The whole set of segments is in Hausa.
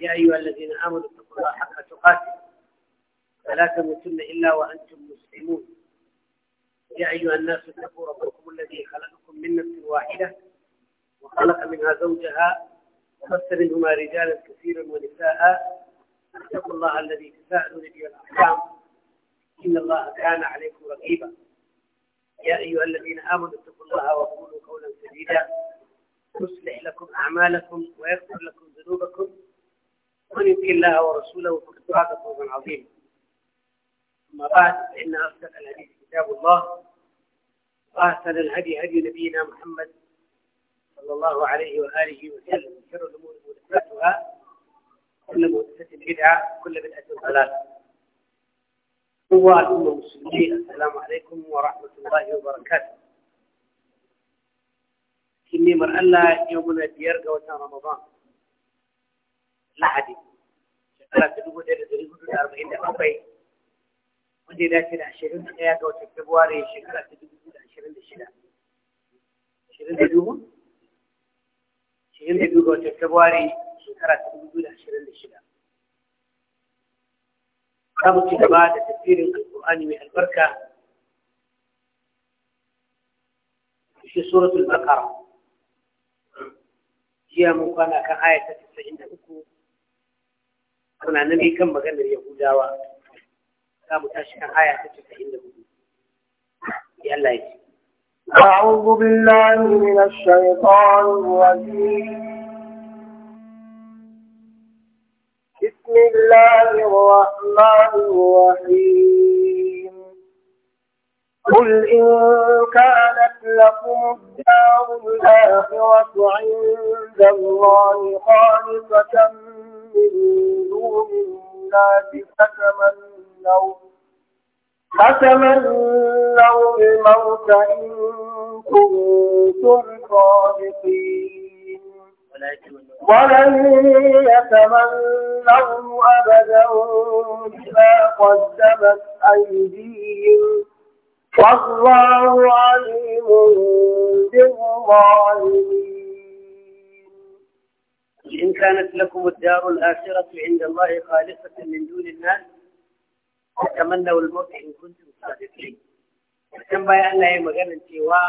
يا أيها الذين آمنوا اتقوا الله حق تقاته فلا تموتن إلا وأنتم مسلمون يا أيها الناس اتقوا ربكم الذي خلقكم من نفس واحدة وخلق منها زوجها وبث منهما رجالا كثيرا ونساء اتقوا الله الذي تساءلون به الأحكام إن الله كان عليكم رقيبا يا أيها الذين آمنوا اتقوا الله وقولوا قولا سديدا يصلح لكم أعمالكم ويغفر لكم ذنوبكم ومن يطيع الله ورسوله فقد فاز فوزا عظيما اما بعد فان اصدق الحديث كتاب الله واحسن الهدي هدي نبينا محمد صلى الله عليه واله وسلم شر الامور محدثاتها كل محدثه بدعه كل بدعه ضلاله قوات المسلمين السلام عليكم ورحمة الله وبركاته كني مرأة يومنا بيرقى وتان رمضان lahadi shekara ta dubu ɗaya da ɗari hudu da arba'in da bakwai wanda ya dace da ashirin da ɗaya ga watan februari shekara ta dubu biyu da ashirin da shida ashirin da dubu ashirin da biyu ga watan februari shekara ta dubu biyu da ashirin da shida za mu ci gaba da tafsirin alƙur'ani mai albarka في سورة البقرة هي مقالة كآية 93 suna ne kan maganar yahudawa za tashi kan aya ta ya Allah ya أعوذ بالله من الشيطان الرجيم بسم الله الرحمن الرحيم قل إن كانت لكم الدار الآخرة عند الله خالصة الجنات فتمنوا فتمنوا الموت إن كنتم صادقين ولن يتمنوا أبدا بما قدمت أيديهم والله عليم بالظالمين إن كانت لكم الدار الآخرة عند الله خالصة من دون الناس فتمنوا الموت إن كنتم صادقين كان باي الله يا magana cewa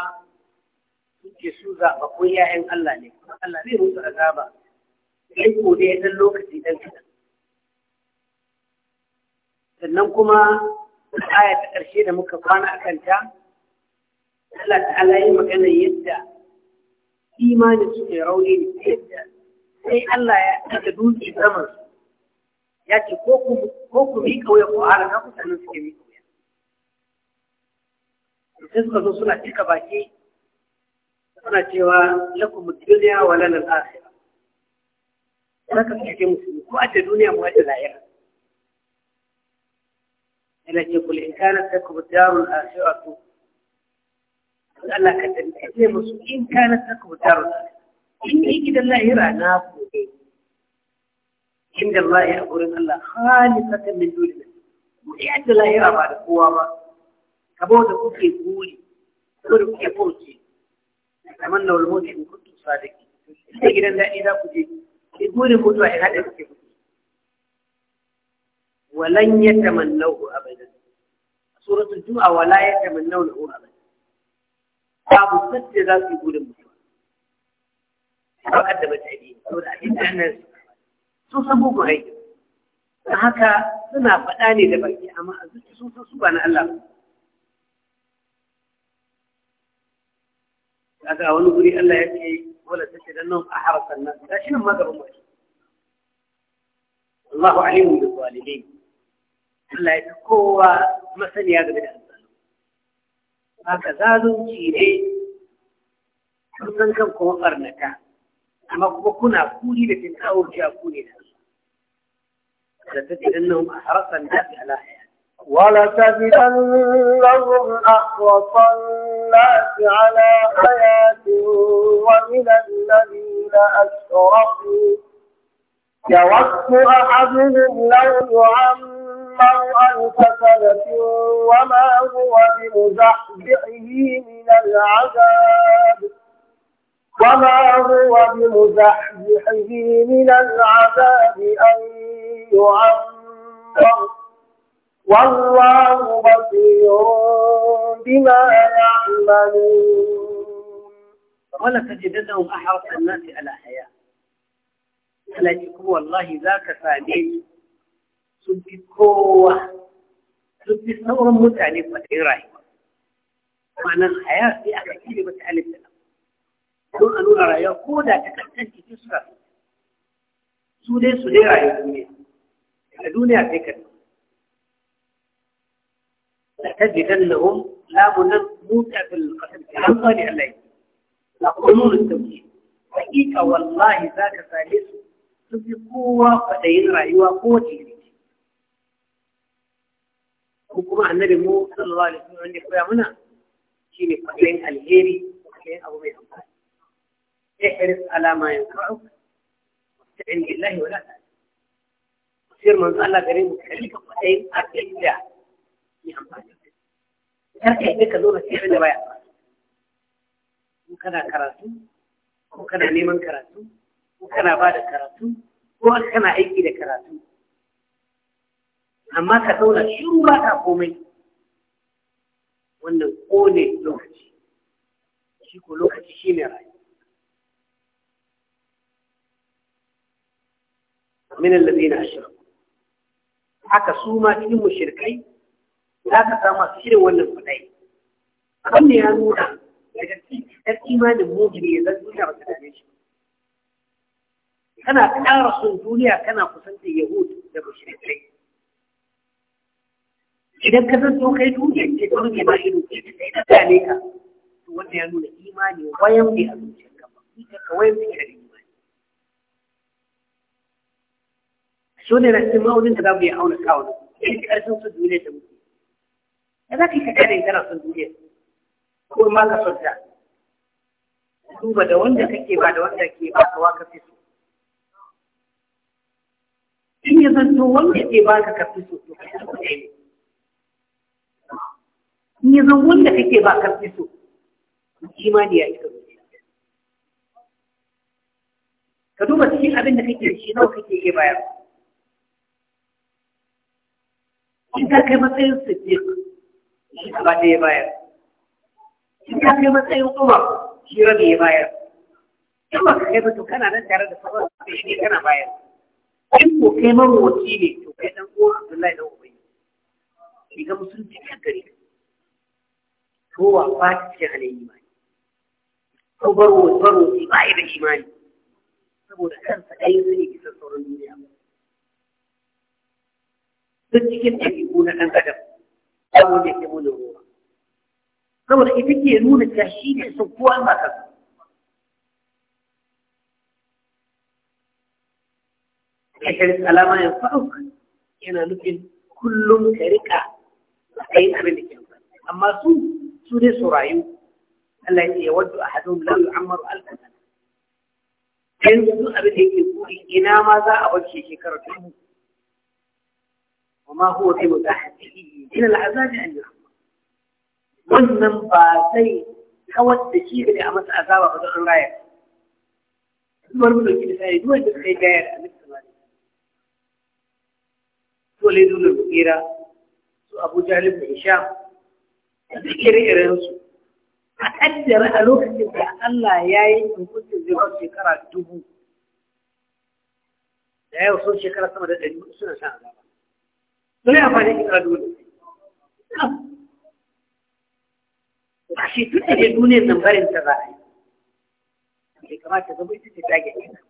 suke su zaɓaɓɓun ‘ya'yan Allah ne, kuma Allah zai musu azaba, sai ko dai ɗan lokaci ɗan kaɗan. Sannan kuma aya ta ƙarshe da muka kwana a kanta, Allah ta'ala yi magana yadda imanin su ne rauni ne ta yadda sai Allah ya ɗaga dutse saman ya ce ko ku yi ƙauye ko ala na ku sanin suke mi kauye sai suka zo suna cika baki suna cewa lakum duniya wa lana al-akhirah ka suke musu ko a duniya mu a lahira yana ce kula in kana takum darul to Allah ka tantance musu in kana takum darul akhirah in dai gidan lahira na gobe inda Allah ya gurin Allah khalisatan min duniya mu iya da lahira ba da kowa ba Ka da kuke guri ko da kuke Ka kamar na walmoti in kuntu sadiki inda gidan da za ku je ki guri mutuwa in haɗe kuke kuke walan yatamannau abadan suratul jumu'a wala yatamannau abadan babu sadda za su yi gurin ba waƙar da ba a yi saboda abin da sun san bugu aiki. da haka suna faɗa ne da baki amma a zuci sun san su ba na Allah ba kaga a wani guri Allah ya ce wala tace dan nan a harsan nan da shi nan ma gaban mutum Allahu alimu bi zalimin Allah ya kowa masaniya game da azzalum haka zalunci ne sun san kan kuma barnata أما كنا لكن أو جاء كولي لتجد أنهم أحرص الناس على حياة ولتجدنهم أحرص الناس على حياة ومن الذين أشرقوا يوقف أحدهم لو يعمر ألف سنة وما هو بمزحزحه من العذاب وما هو بمزحزحه من العذاب أن يعمر والله بصير بما يعملون ولتجدنهم أحرص الناس على حياة لذلك والله ذاك فادين سبب قوة سبب ثورة متعلمة إبراهيم معنى الحياة في أحد كلمة ألف don a nuna rayuwa ko da ta kankan cikin su rasu su dai su dai rayuwa duniya daga duniya sai ka la tajidannahum lamunan mutsa fil qasr kan sani Allah la qulul tawhid hakika wallahi zaka same su sun fi kowa fadayin rayuwa ko wace ne ko kuma annabi mu sallallahu alaihi wasallam ne koya muna shine fadayin alheri fadayin abu mai amfani احرص على ما ينفعك واستعن بالله ولا تعلم وصير من الله كريم وخليك وحيد أكل الله في أمانك ترك يديك دون السحر ده بقى in kana karatu ko kana neman karatu ko kana ba da karatu ko kana aiki da karatu amma ka zauna shiru ba ka komai wannan kone lokaci shi ko lokaci shi ne rayuwa min alladhina ashraku haka su ma cikin mushrikai za ka samu su shirin wannan kudai abin da ya nuna daga cikin imanin mujiri ya zan duniya ba ta dame shi ƙara son duniya kana kusantar yahud da mushrikai idan ka zan so kai duniya ido to wanda ya nuna wayan a zuciyarka ba zuciyarka wayan ne a su ne na cikin ma'aunin da za mu yi auna kawunan irin ƙarfin su duniya da mutu? ya za ka yi kaɗa ne kana son duniya ko ma ka son ta duba da wanda kake ba da wanda ke ba ka waka fi so in ya zanto wanda ke ba ka ka fi so to ka fi so ne in ya zan wanda kake ba ka fi so imani ya isa zuciya ka duba cikin abin da kake da shi nawa kake ke bayarwa in ka kai matsayin siddiq shi gaba ɗaya bayar in ka kai matsayin umar shi rabi ya bayar in ka kai ba to kana nan tare da sauran da shi kana bayar in ko kai marowaci ne to kai dan uwan abdullahi da ubai shi ga musulunci ya gari to wa ba ta cikin halayi ba ko barowaci ba ya imani saboda kansa ɗaya zai bisa sauran duniya ba Don cikin ɗabi'u na ɗan adam babu wanda ke mu da ruwa saboda ita ke nuna ta shi ne sun kowa matar kashirin alama ya faruk yana nufin kullum ka riƙa a yi abin da ke amma su su dai su rayu Allah ya ce ya waddu a hadon lalu amaru alkasa yanzu abin da yake kuri ina ma za a bar shekarar dubu وما هو في متاحته من العذاب أن يرحمه ومن باسي خوات تشيغ لأمس عذاب وضعه الرأي المرمون الكلساني دوه بسي جاير أمس سمالي توليدون المكيرة سو أبو جهل بن إشام ذكر إرنس أتجر ألوكتب يا الله ياي إن كنت زيوان شكرا جبو لا يوصل شكرا سمد أجمع سنة سنة ne amfani ina dole ba shi tun da dai duniyar nan barin ta za a yi bai kamata zama ita ce tage kenan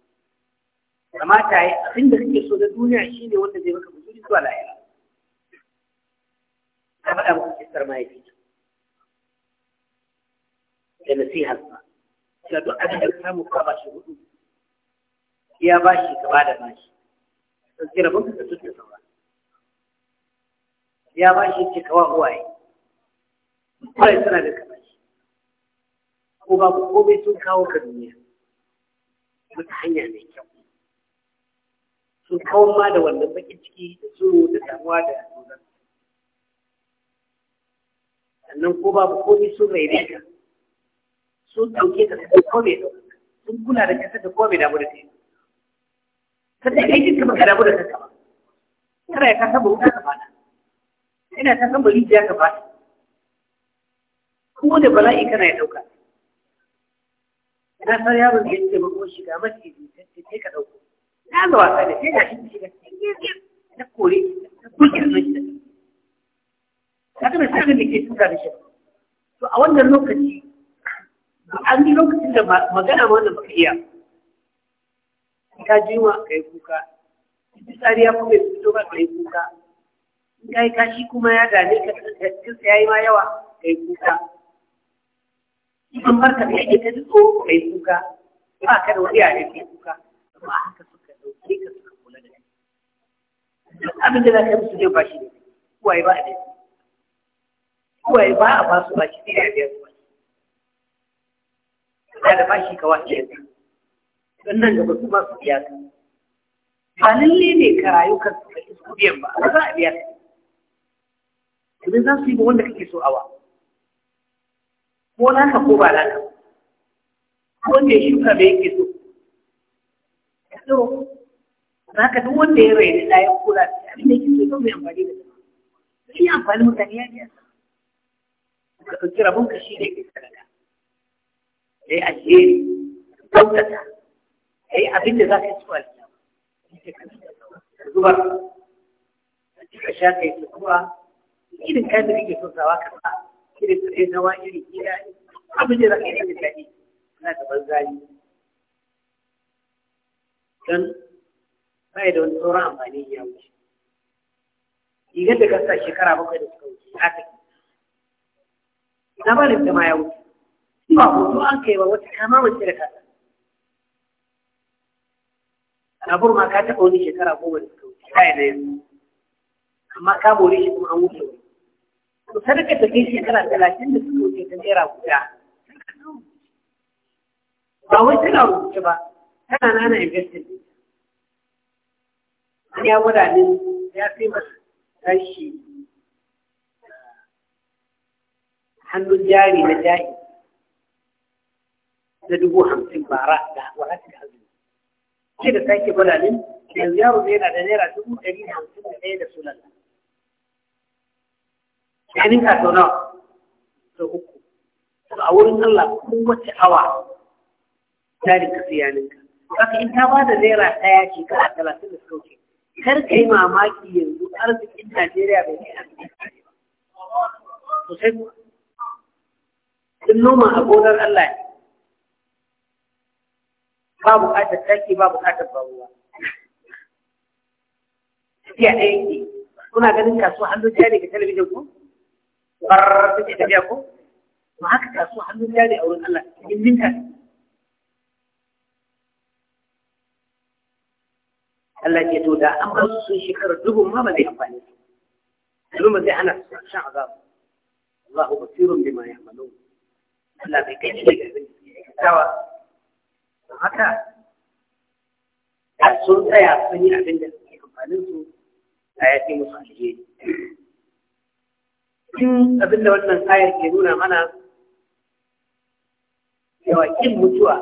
kamata yi abin da kake so na duniya shine wanda zai maka musulmi zuwa lahira ta faɗa maka kisar mahaifi da nasihar sa cewa duk abin da ka samu ka ba shi hudu ya ba shi ka ba da ba shi sun kira da sun sauran ya ba shi ce kawa uwaye kawai suna da kama shi ko ba ku kome sun kawo ka duniya wata hanya mai kyau sun kawo ma da wannan bakin ciki da tsoro da damuwa da tsoron sannan ko babu komai sun mai ka sun ɗauke ka kasar komai ɗauka sun kula da kasar da komai damu da ta yi sannan aikin ka baka damu da kasa ba kana ya kasa ba wuta ka fada ina ta san bari ya gaba ko da bala'i kana ya dauka na san yaron da yake ba ko shiga mace da take ka dauko na ga wasa da sai da shi shiga na kore ta kuke nan shi ta ga sai da ke tura da shi to a wannan lokaci an yi lokacin da magana ma wannan baka iya ka jima kai kuka fitsari ya kuma fito ba kai kuka in ka yi kashi kuma ya dame ka cikin ya yi ma yawa ka yi kuka in barka da yake ta jiko ka yi kuka ba ka da wani yare ka yi kuka amma a haka suka ɗauke ka suka kula da kai duk abin da za ka yi musu zai bashi ne kuwaye ba a da kuwaye ba a basu bashi sai ya biyar su bashi ka da bashi ka wace yanzu don nan gaba su masu biya ka ba lalle ne ka rayu ka su biyan ba ba za a biya ka domin za su yi wanda kake so awa ko naka ko ba naka ko wanda ya shuka bai yake so ya tsiro za ka duk wanda ya raini ya kula da abin da yake so mai amfani da shi shi amfani mutane ya biya ka ɗauki rabonka shi ne ke sadaka ya yi alheri kyautata ya yi abin da za ka yi su alheri zubar ka sha ka yi kuma irin kayan da kake son sawa ka sa irin tsaye nawa irin gida abin da za ka yi da daɗi na da banzari Dan bai da wani sauran amfani ya wuce rigar da ka sa shekara bakwai da suka wuce ya ke. na ba da ma ya wuce shi ba hoto an kai ba wata kama mace da kasa labur ma ka taɓa wani shekara goma da suka wuce ya yi yanzu amma ka bore shi kuma an wuce wani to kada ka tafi shekara talatin da suka wuce ta naira guda ba wai tana rubuce ba tana nana investin an ya wadannin ya fi masu tashi eh, hannun jari na jari na dubu hamsin bara da wadatar hannu. ce da sake wadannin yanzu yaro yana da naira dubu ɗari hamsin da ɗaya da sunan ya ninka sau nawa sau uku a wurin Allah kowace awa tarin ka siya ninka haka in ta ba da naira ɗaya shekara talatin da suka wuce kar ka yi mamaki yanzu arzikin Najeriya bai kai arzikin Najeriya ba sosai kuwa sun noma a gonar Allah ne ba buƙatar taki ba buƙatar ba ruwa tafiya ɗaya ke kuna ganin kasuwa an zo jari ga talabijin ku har suke tafiya ko ba haka taso hannun jari a wurin Allah cikin minta Allah ke to da an basu sun shekara dubu ma ba zai amfani su domin zai ana shan azabu Allahu ma ya ya'malun Allah bai kai shi da garin tawa haka sun tsaya sun yi abin da suke amfanin su a yaƙi musu alheri in abin da wannan ayar ke nuna mana yawa kin mutuwa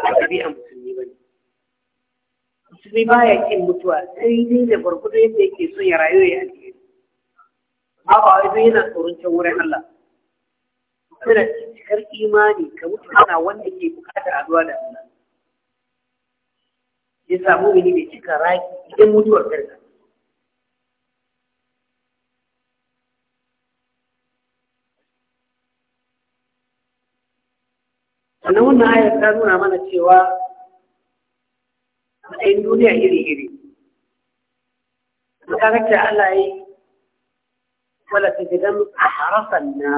a ɗabi'an musulmi ba ne. Musulmi ba ya kin mutuwa sai dai da barkudu yadda yake son ya rayu ya alheri. Amma ba wai yana tsoron can wurin Allah. Kana cikar imani ka mutu kana wanda ke bukatar aduwa da Allah. Ya samu mini bai cika raki idan mutuwar karka. sannan wannan ayar ta nuna mana cewa matsayin duniya iri-iri makarakta Allah yi wala ta gidan a harafan na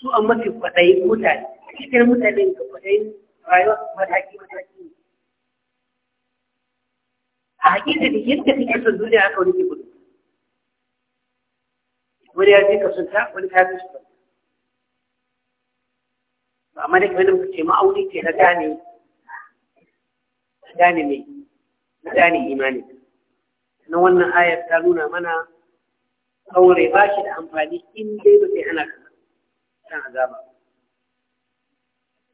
su an mafi kwaɗayin mutane cikin mutane ga kwaɗayin rayuwa mataki-mataki a hakika da yadda kake son duniya aka wani ke gudu wani ya je ka sunta wani ka fi shi ba amma da kamar da muka ce ma'auni ce na gane gane mai na gane imani na wannan ayar ta nuna mana aure ba shi da amfani in dai ba sai ana kan azaba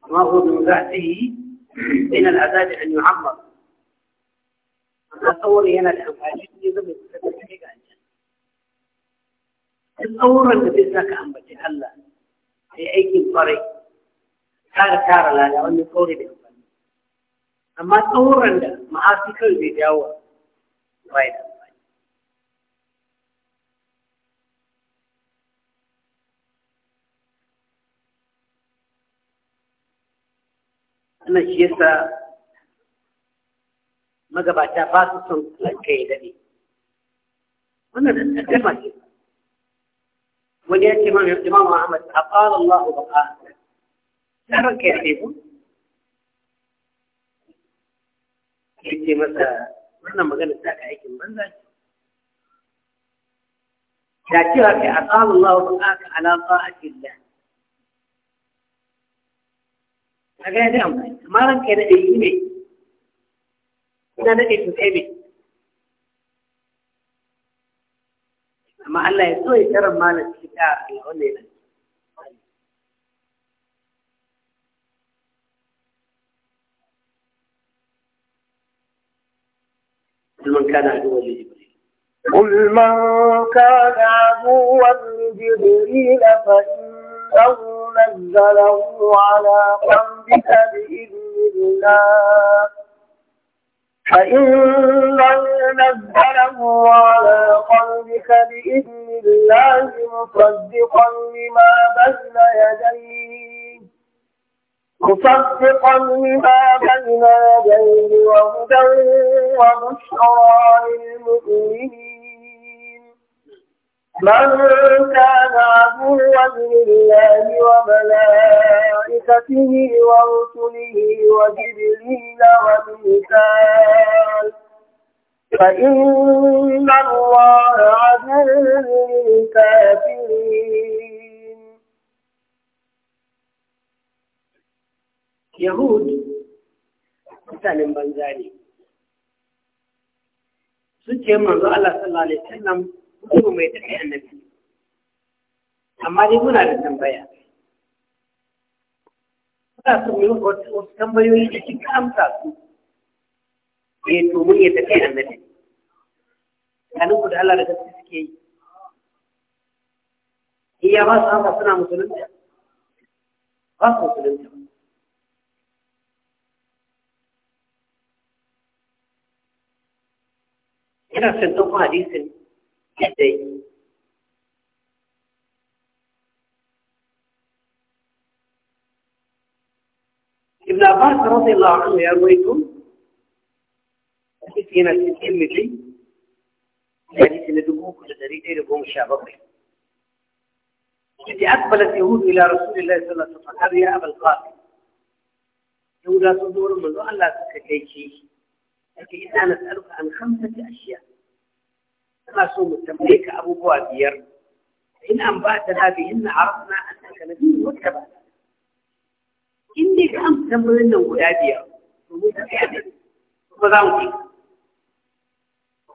amma ko za ta yi bayan al'azabi an yu'ammar amma aure yana da amfani in zama kusa da kai ga aljanna duk auren da zai saka ambaci Allah sai aikin kwarai tara tara lada wani tsauri da amfani amma tsauran da ma'afi kawai zai jawo bai da amfani ana shi yasa magabata ba su son lanka ya dade wannan da ta ce wani ya ce imam Ahmad aqala Allahu baqa'a na ranka ya ɗaiku ya ce masa wannan magana ta ka aikin banza ce da cewa kai a tsarin lawa ba aka alaƙa a cikin a gaya ya amfani amma ranka ya daɗe yi ne ina da daɗe sosai ne amma Allah ya so ya tarar malam cikin da Allah wannan yana قل من كان عدوا لجبريل قل من كان عدوا لجبريل فإنه نزله على قلبك بإذن الله فإنه نزله على قلبك بإذن الله مصدقا لما بين يديه مصدقا لما بين يديه وهدى وبشرى للمؤمنين من كان عدوا لله وملائكته ورسله وجبريل وميثاق فإن الله عدو للكافرين yahud mutanen banza ne suke manzo Allah sallallahu alaihi wasallam mutum mai kai annabi amma dai muna da tambaya muna son mu wasu tambayoyi da kika amsa su eh to mun yi kai annabi kanin ku da Allah da gaske suke yi iya ba su haka suna musulunta ba su musulunta ina son ɗauko hadisin ابن عباس رضي الله عنه يا رويته حديث هنا في الترمذي حديث ندبوه كل دريد إلى قوم الشعبقي إذ أقبلت يهود إلى رسول الله صلى الله عليه وسلم قال يا أبا القاسم يهود لا تدور من أن لا تكتيشي لكن إذا نسألك عن خمسة أشياء ما صوم التمليك أبو بوادير إن أنبأتنا بهن عرفنا أنك نبي واتبعنا إني خمس تمرين ولادية ومتفعل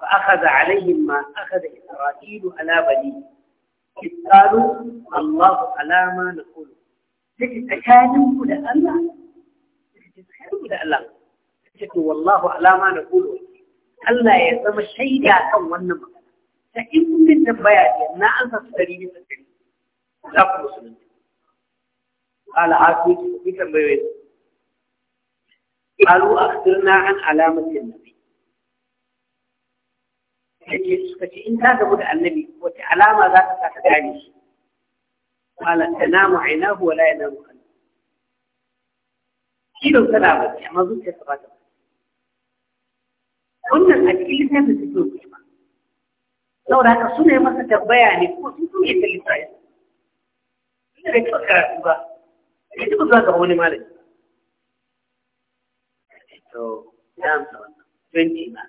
فأخذ عليهم ما أخذ إسرائيل على بني إذ قالوا الله على ما نقول لكن تكالم ولا لكن تكالم ولا تقول والله على ما نقول الله يسمى الشيء يا كم ونما فإن من ذنبايا جئنا أنت تسليني تسليني لا فرسلين قال عاكوية في ذنبايا قالوا أخبرنا عن علامة النبي فإن تقول عن النبي وعلامة ذات تتعاني قال تنام عيناه ولا ينام خلقه كيف تنام عيناه ولا كيف خلقه wannan a cikin littafin su ke kuma saboda haka suna yi masa tambaya ne ko sun sun yi talita ya ina da taɓa karatu ba ya taɓa zuwa ga wani malami to ya amsa wannan 20 ma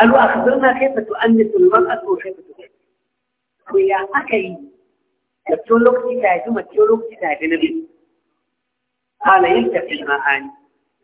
قالوا أخبرنا كيف تؤنس المرأة وكيف تؤنس ويا أكي تقول لك تتاجم تقول لك تتاجم قال يلتقي المعاني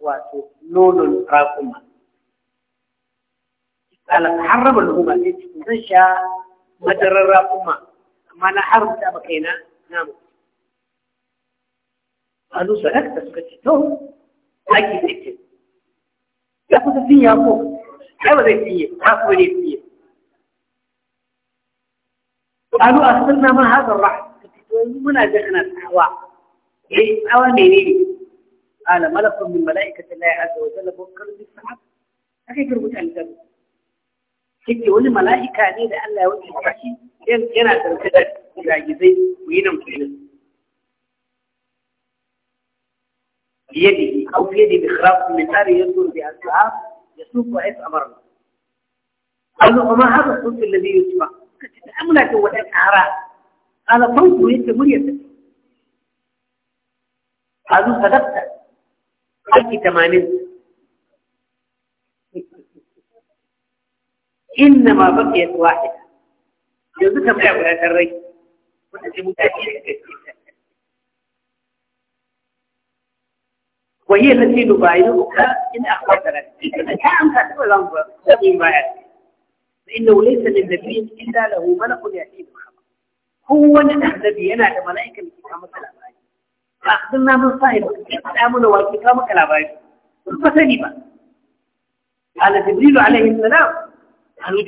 wato nonon raƙuma ala harrama al-huma ne zan sha madarar raƙuma amma na haramta ba kaina na mu قالوا سلكت سكتتهم أجي سكت يأخذ فيه أبوه حاول فيه حاول فيه قالوا أخبرنا ما هذا الرحم من أدخنا الحواء إيه أوامي ليه قال ملك من ملائكة الله عز وجل بكر السحاب. أخي في المتعلم جابه كيف يقول ملائكة ليه لأن لا يوجد الحشي لأن كان هذا الكدر يعجزي وينم في الناس أو في يده بخراف من تاري بها السحاب يسوق وعيث أمره قال له وما هذا الصوت الذي يسمع تتأمل هذا وعيث أعراض قال فوق ويسمر يسمر قال له صدقتك حقي 80 إنما بقيت واحدة يوزك بلعب هذا الرجل وهي التي نبايعك إن أخبرتنا أنت تقول انظر فإنه ليس للنبي إلا له ملك يأتيه بالخبر هو الذي أنا كملائكة مثلا ba don na mun sa ba sai faɗa mana ka maka labari kun ba sani ba ala alaihi salam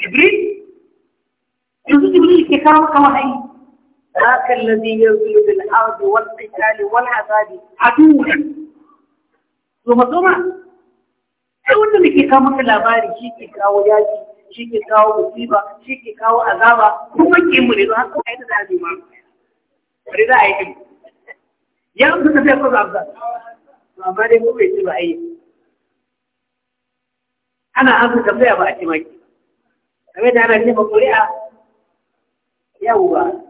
jibril yanzu jibril ke kawo maka wahayi ذاك الذي والقتال والعذاب عدوا ثم ثم sai ke kawo maka labari shi ke kawo shi ke kawo musiba shi ke kawo azaba kuma ke mu ne ba haka da bari ya amsa tafiya ko ba amsa to amma dai ko bai ce ba ai ana amsa tafiya ba a ce maki kamar da ana ce ba kuri'a yawwa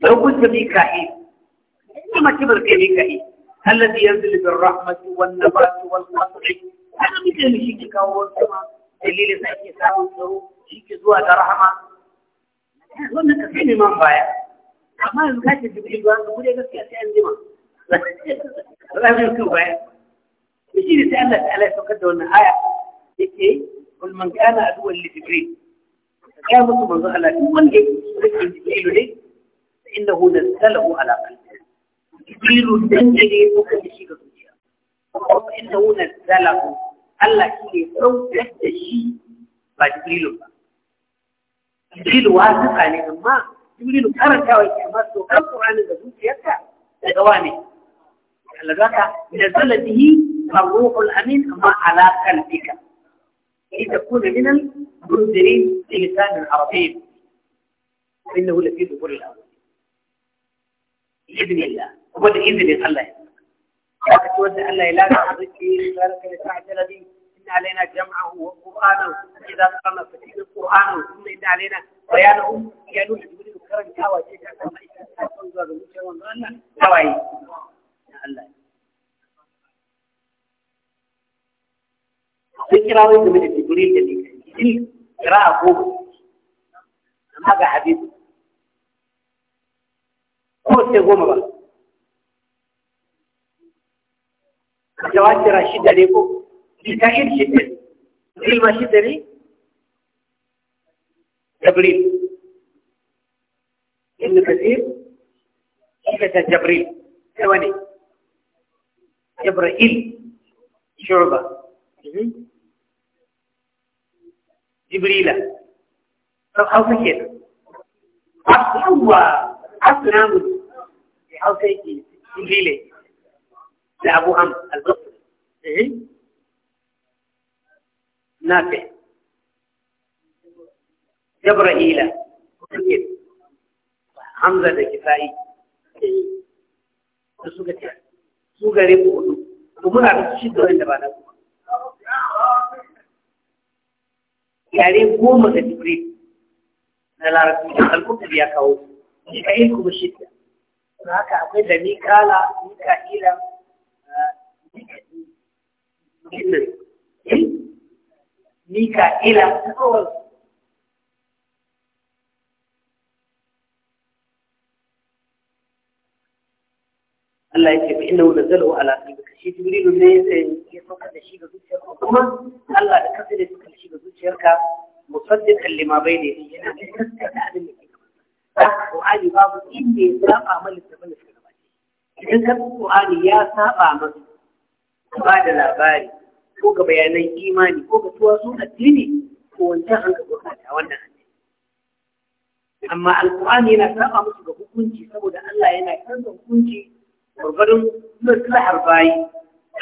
لو كنت ميكائيل إنما كبر كميكائيل الذي ينزل بالرحمة والنبات والقطع أنا مثل شيء كاور كما دليل سايكي ساوي شيء زوا رحمة wannan ka sai neman baya amma yanzu kake jibril ba ka gure gaskiya sai an jima ranar kan baya shi ne sai Allah ta'ala ya saukar da wannan aya yake kul man kana aduwan li jibril ya mutu manzo Allah duk wanda yake jibril ne innahu nazalahu ala qalbi jibril dan da ya saukar da shi ga zuciya innahu nazalahu Allah shi ne saukar da shi ba jibril ba jibril wa ne amma jibrilu karantawa yake amma to kan qur'anin da zuciyarka daga wane Allah zaka nazala bihi ar-ruhul amin amma ala qalbika لتكون من المنذرين بلسان العربي إنه لفي ذكور الأول بإذن الله وبدأ إذن الله لا تتوزع الله لا تعرف في ذلك لتعجل به علينا جمعه وقرآنه إذا قرأنا فتيل القرآن ثم إن علينا بيانه ينوح جبريل كرم كاوى شيء كما يشاء تنظر المشي والظن كاوى الله ذكر أول من جبريل جبريل قراءة أبوه ما قاعد حديث هو سيقوم بقى جواكر الشدة ليكم لتأكيد شدة تقول ما جبريل ابن كثير شدة جبريل ثواني جبريل شعبة جبريلة طب حوصة كده حصل هو حصل نامد حوصة جبريلة لأبو عم البصري nafi jabra'ila hamza da kisa'i da su ga su gare ku hudu to muna da shi da wanda ba na ku yare goma ga jibril na larabci alkutar ya kawo shi ka ilku ba shidda don haka akwai da mikala mika'ila mika'ila ميكائيل الأول الله يجب إنه نزله على قلبك الشيء تقولين ليس يتوقع الشيء ذو شركة ثم الله أكثر يتوقع الشيء ذو شركة مصدقا لما بين يدينا وعالي بابا إني ساقع من الزمن في الواجه إذا كان سؤالي يا ساقع من بعد الأباري ko ga bayanan imani ko ga tuwasun addini ko wancan an ga gurɓata wannan addini amma alƙur'ani yana saba musu ga hukunci saboda Allah yana canza hukunci gurbarin maslahar bayi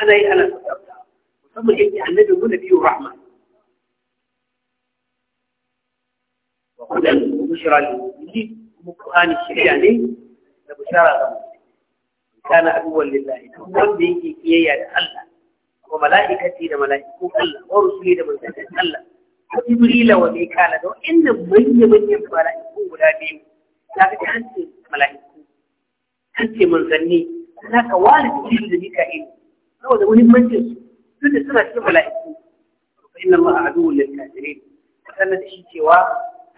ana yi ana sassauta musamman yake annabi mu biyu rahma wa kudan bushra lil kuma qur'ani shirya ne da bushara ga mutum kana abuwan lillahi wanda yake kiyayya da Allah wa mala'ikati da mala'iku Allah wa rusuli da manzannin Allah wa jibrila wa mikala da wa'annan manya-manyan mala'iku guda biyu za ka ji an ce mala'iku an ce manzanni za ka ware jibril da mika'il saboda muhimmancin su duk da suna cikin mala'iku fa inna Allah aduwwul lil kafirin sanna da shi cewa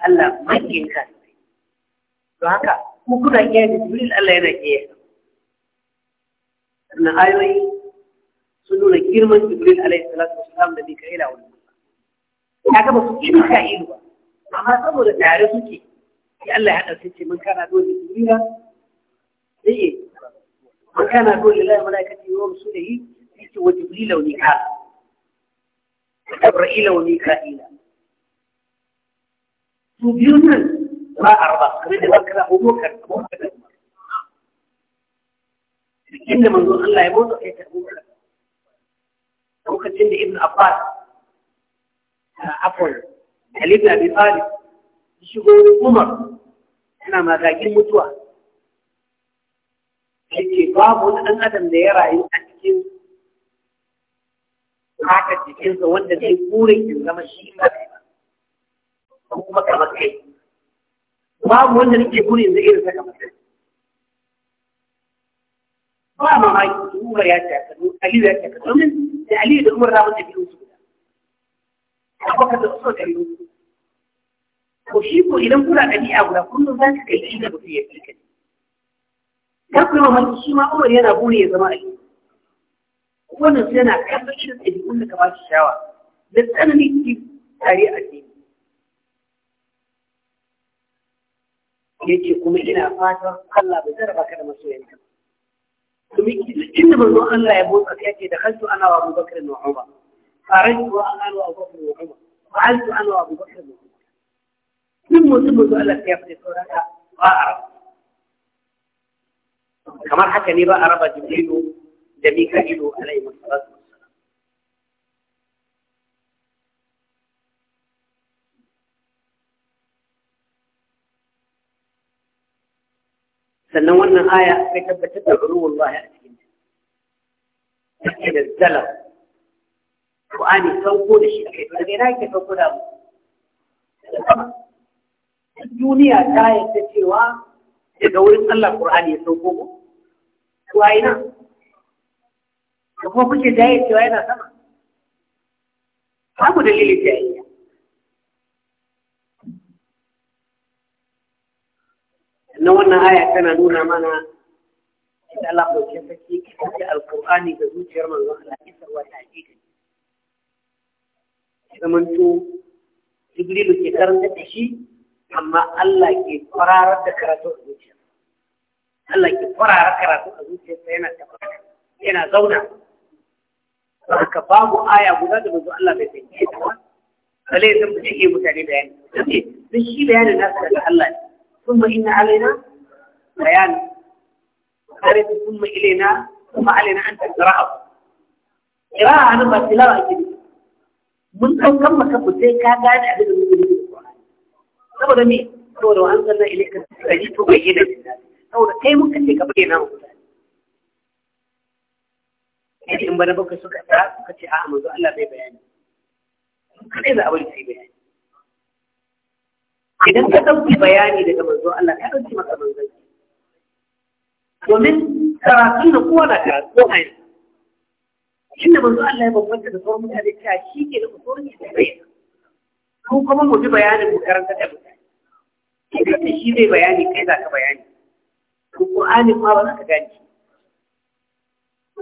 Allah makin kafirai to haka ku kuna iya jibril Allah yana iya sannan ayoyi يرمن جبريل عليه الصلاة والسلام لميكايل أو الله حكا بصوتي ميكايل أما أمر تعرفك يقال لها أنه من كان أقول لجبريل ليه من كان أقول لله ملائكته ورسوله يسي وجبريل ونكا وتبرئيل ونكايل سبيونا لا أربع قريبا بكرا أموكا أموكا أموكا إنما نقول الله يموتك يتأموكا lokacin da ibn abbas afon ali da abi shigo umar yana magakin mutuwa yake babu wani ɗan adam da ya rayu a cikin haka jikinsa wanda zai kure ya zama shi ba kuma kamar kai babu wanda nake kure yanzu irin sa kamar kai ba ma ma umar ya ce aliyu ya ce domin da aliyu da umar ramun da biyu su guda abubakar da usman da biyu ko shi ko idan kuna ɗabi'a guda kullum za ka kai inda mutum ya fi kai kar ku yi mamaki shi ma umar yana buri ya zama aliyu wannan sai yana kallon irin ɗabi'un da ka ba shi shawa da tsananin ki tare a jini ya ce kuma ina fatan Allah bai zarra baka da masoyanka inda manzo Allah ya motsa kai ce da kansu ana wa Abu Bakar da Umar ana wa Abu Bakar da Umar ana wa Abu Bakar da Umar duk mutum Allah ya fara sauran ba a kamar haka ne ba a raba Jibrilu da Mika'ilu alaihi salatu sannan wannan aya sai tabbatar da ruwan wahi a cikin ta take da zalar Qur'ani sauko da shi kai da yana yake sauko da mu duniya ta yadda cewa daga wurin Allah Qur'ani ya sauko mu to a ina da kuma kuke jaye cewa yana sama babu dalilin yi. sannan wannan aya tana nuna mana inda Allah ɗauke saki kasance alƙur'ani da zuciyar manzon Allah isarwa ta hakika zamanto Jibrilu ke karanta da shi amma Allah ke kwararar da karatu a zuciya Allah ke kwararar karatu a zuciyarsa yana tabbata yana zauna haka babu aya guda da manzo Allah bai fahimce ta ba sai ya ke mutane bayani sai shi bayanin nasa daga Allah ne ثم إن علينا بيان ثالث ثم إلينا ثم علينا أن تقرأ قراءة أنا بطلع أجيب من كم كم كبتة كعاد عدد من الجنود القرآن نبغى نمي نور أنزلنا إليك تجيب تبين نور كم ممكن تكبرنا Jadi embara bukan suka tak, kerja ah, mahu Allah bayar. Kalau tidak awal sih bayar. idan ka ɗauki bayani daga manzo Allah ka ɗauki maka manzo domin karatu da kowa na karatu a yanzu inda manzo Allah ya bambanta da sauran mutane ta shi ke da kusurin ya bayyana ko kuma mu bi bayanin mu karanta da mutane idan shi zai bayani kai za ka bayani ko Qur'ani kuma ba za ka gane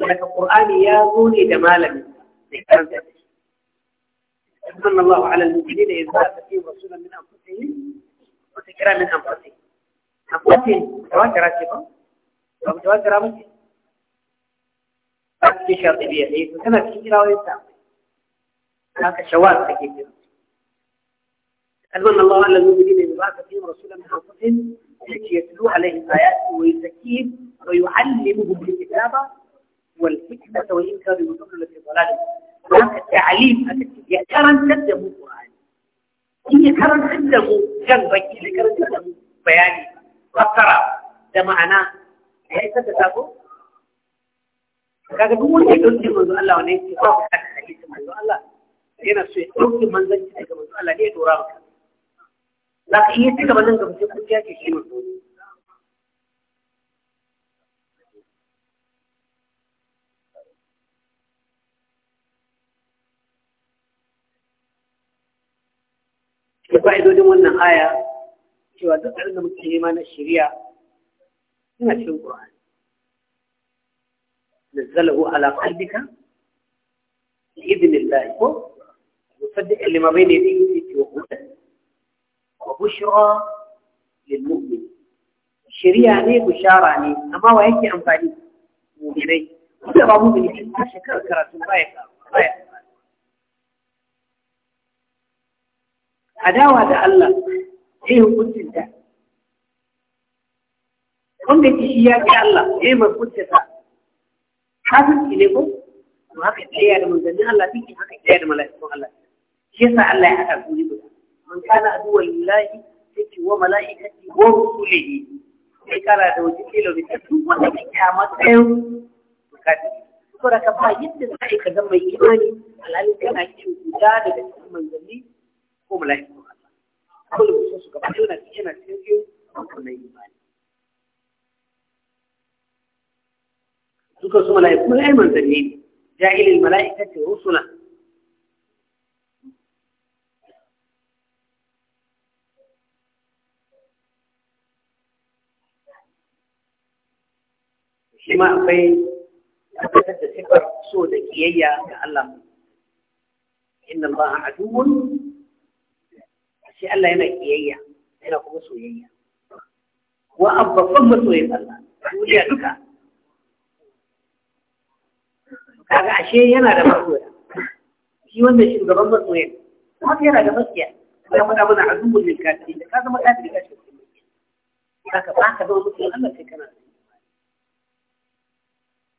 daga Qur'ani ya zo ne da malami da karanta da من الله على المؤمنين إذ بعث فيهم رسولا من أنفسهم وذكرى من أنفسهم أنفسهم أو كيف؟ متواترة بس في شرط بيعي إيه، وكما في كلا ويسام هناك شواذ كثيرة أنزل الله على المؤمنين إذ بعث فيهم رسولا من أنفسهم يتلو عليهم آياته ويزكيهم ويعلمهم الكتابة والحكمة وإن كانوا من قبل في ضلالهم haka ta'alim aka ce ya karantar da mu Qur'ani in ya karantar da mu baki da karantar da mu bayani da ma'ana ya isa da sako kaga duk wanda ya manzo Allah kan hadisi manzo Allah yana so ya manzo Allah ne ya dora maka zaka iya nan ga mutum kun ya ce shi manzo da fa'idodin wannan aya cewa duk abin da muke nema na shari'a suna cikin Qur'ani nazzalahu ala qalbika bi idnillah ko musaddiq lima bayna yadayhi wa hudan wa bushra lil mu'min Shirya ne bushara ne amma wa yake amfani mu'minai kuma ba mu'mini kan shekar karatu baya baya adawa da Allah zai hukuncin ta wanda ke shi ya ki Allah zai mai hukuncin ta kafirci ne ko to haka kiyaye da manzannin Allah take haka kiyaye da mala'ikun Allah shi yasa Allah ya haɗa su ne guda man kana aduwa lillahi take wa mala'ikati wa rusulihi sai kara da wajen kilo da duk wanda ke kyamar tsayin bukatun saboda ka ba yadda za a yi ka zama imani alhali kana kin guda daga cikin manzanni ko mala'iku ko Allah abin da mutum su gaba yana cikin yana cikin kuma wannan imani duka su mala'iku ai manzanni ne ja'ilil mala'ikati rusula shi ma akwai tabbatar da sifar so da kiyayya ga Allah inna Allah aduwwun shi Allah yana kiyayya yana kuma soyayya wa abban masoyin Allah duniya duka kaga ashe yana da masoya shi wanda shugaban masoyin kuma yana da masoya sai mun abu na azumul lil kafirin da ka zama kafiri ka shirka haka ba ka zama mutum Allah sai kana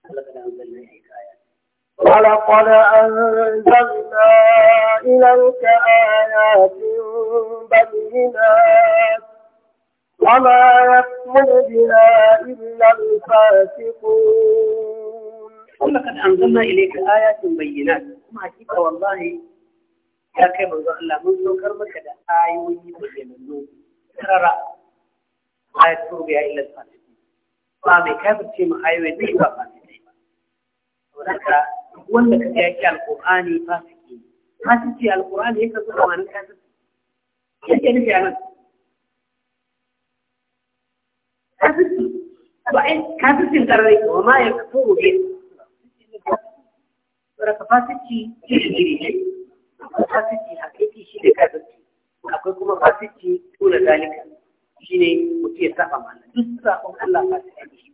Allah ka da Allah ya yi kaya ولقد أنزلنا إليك آيات بينات وما يكمل بنا إلا الفاسقون ولقد أنزلنا إليك آيات بينات ما كيف والله ya kai manzo Allah mun saukar maka da ayoyi da kenanno tarara ay to ga ya illa fasiki ba mai kai ce mu ayoyi ne ba fasiki ba wannan ka wanda ka ga yake alqur'ani ba su ke fasiki alqur'ani yake zuwa ma'anar kafirci yake nufi anan kafirci ba ai kafircin karrai wa ma ya kafuru bi raka fasiki iri ne akwai fasiki hakiki shi ne kafirci akwai kuma fasiki tuna zalika shi ne mutum ya saba mana? duk sakon Allah fasiki shi.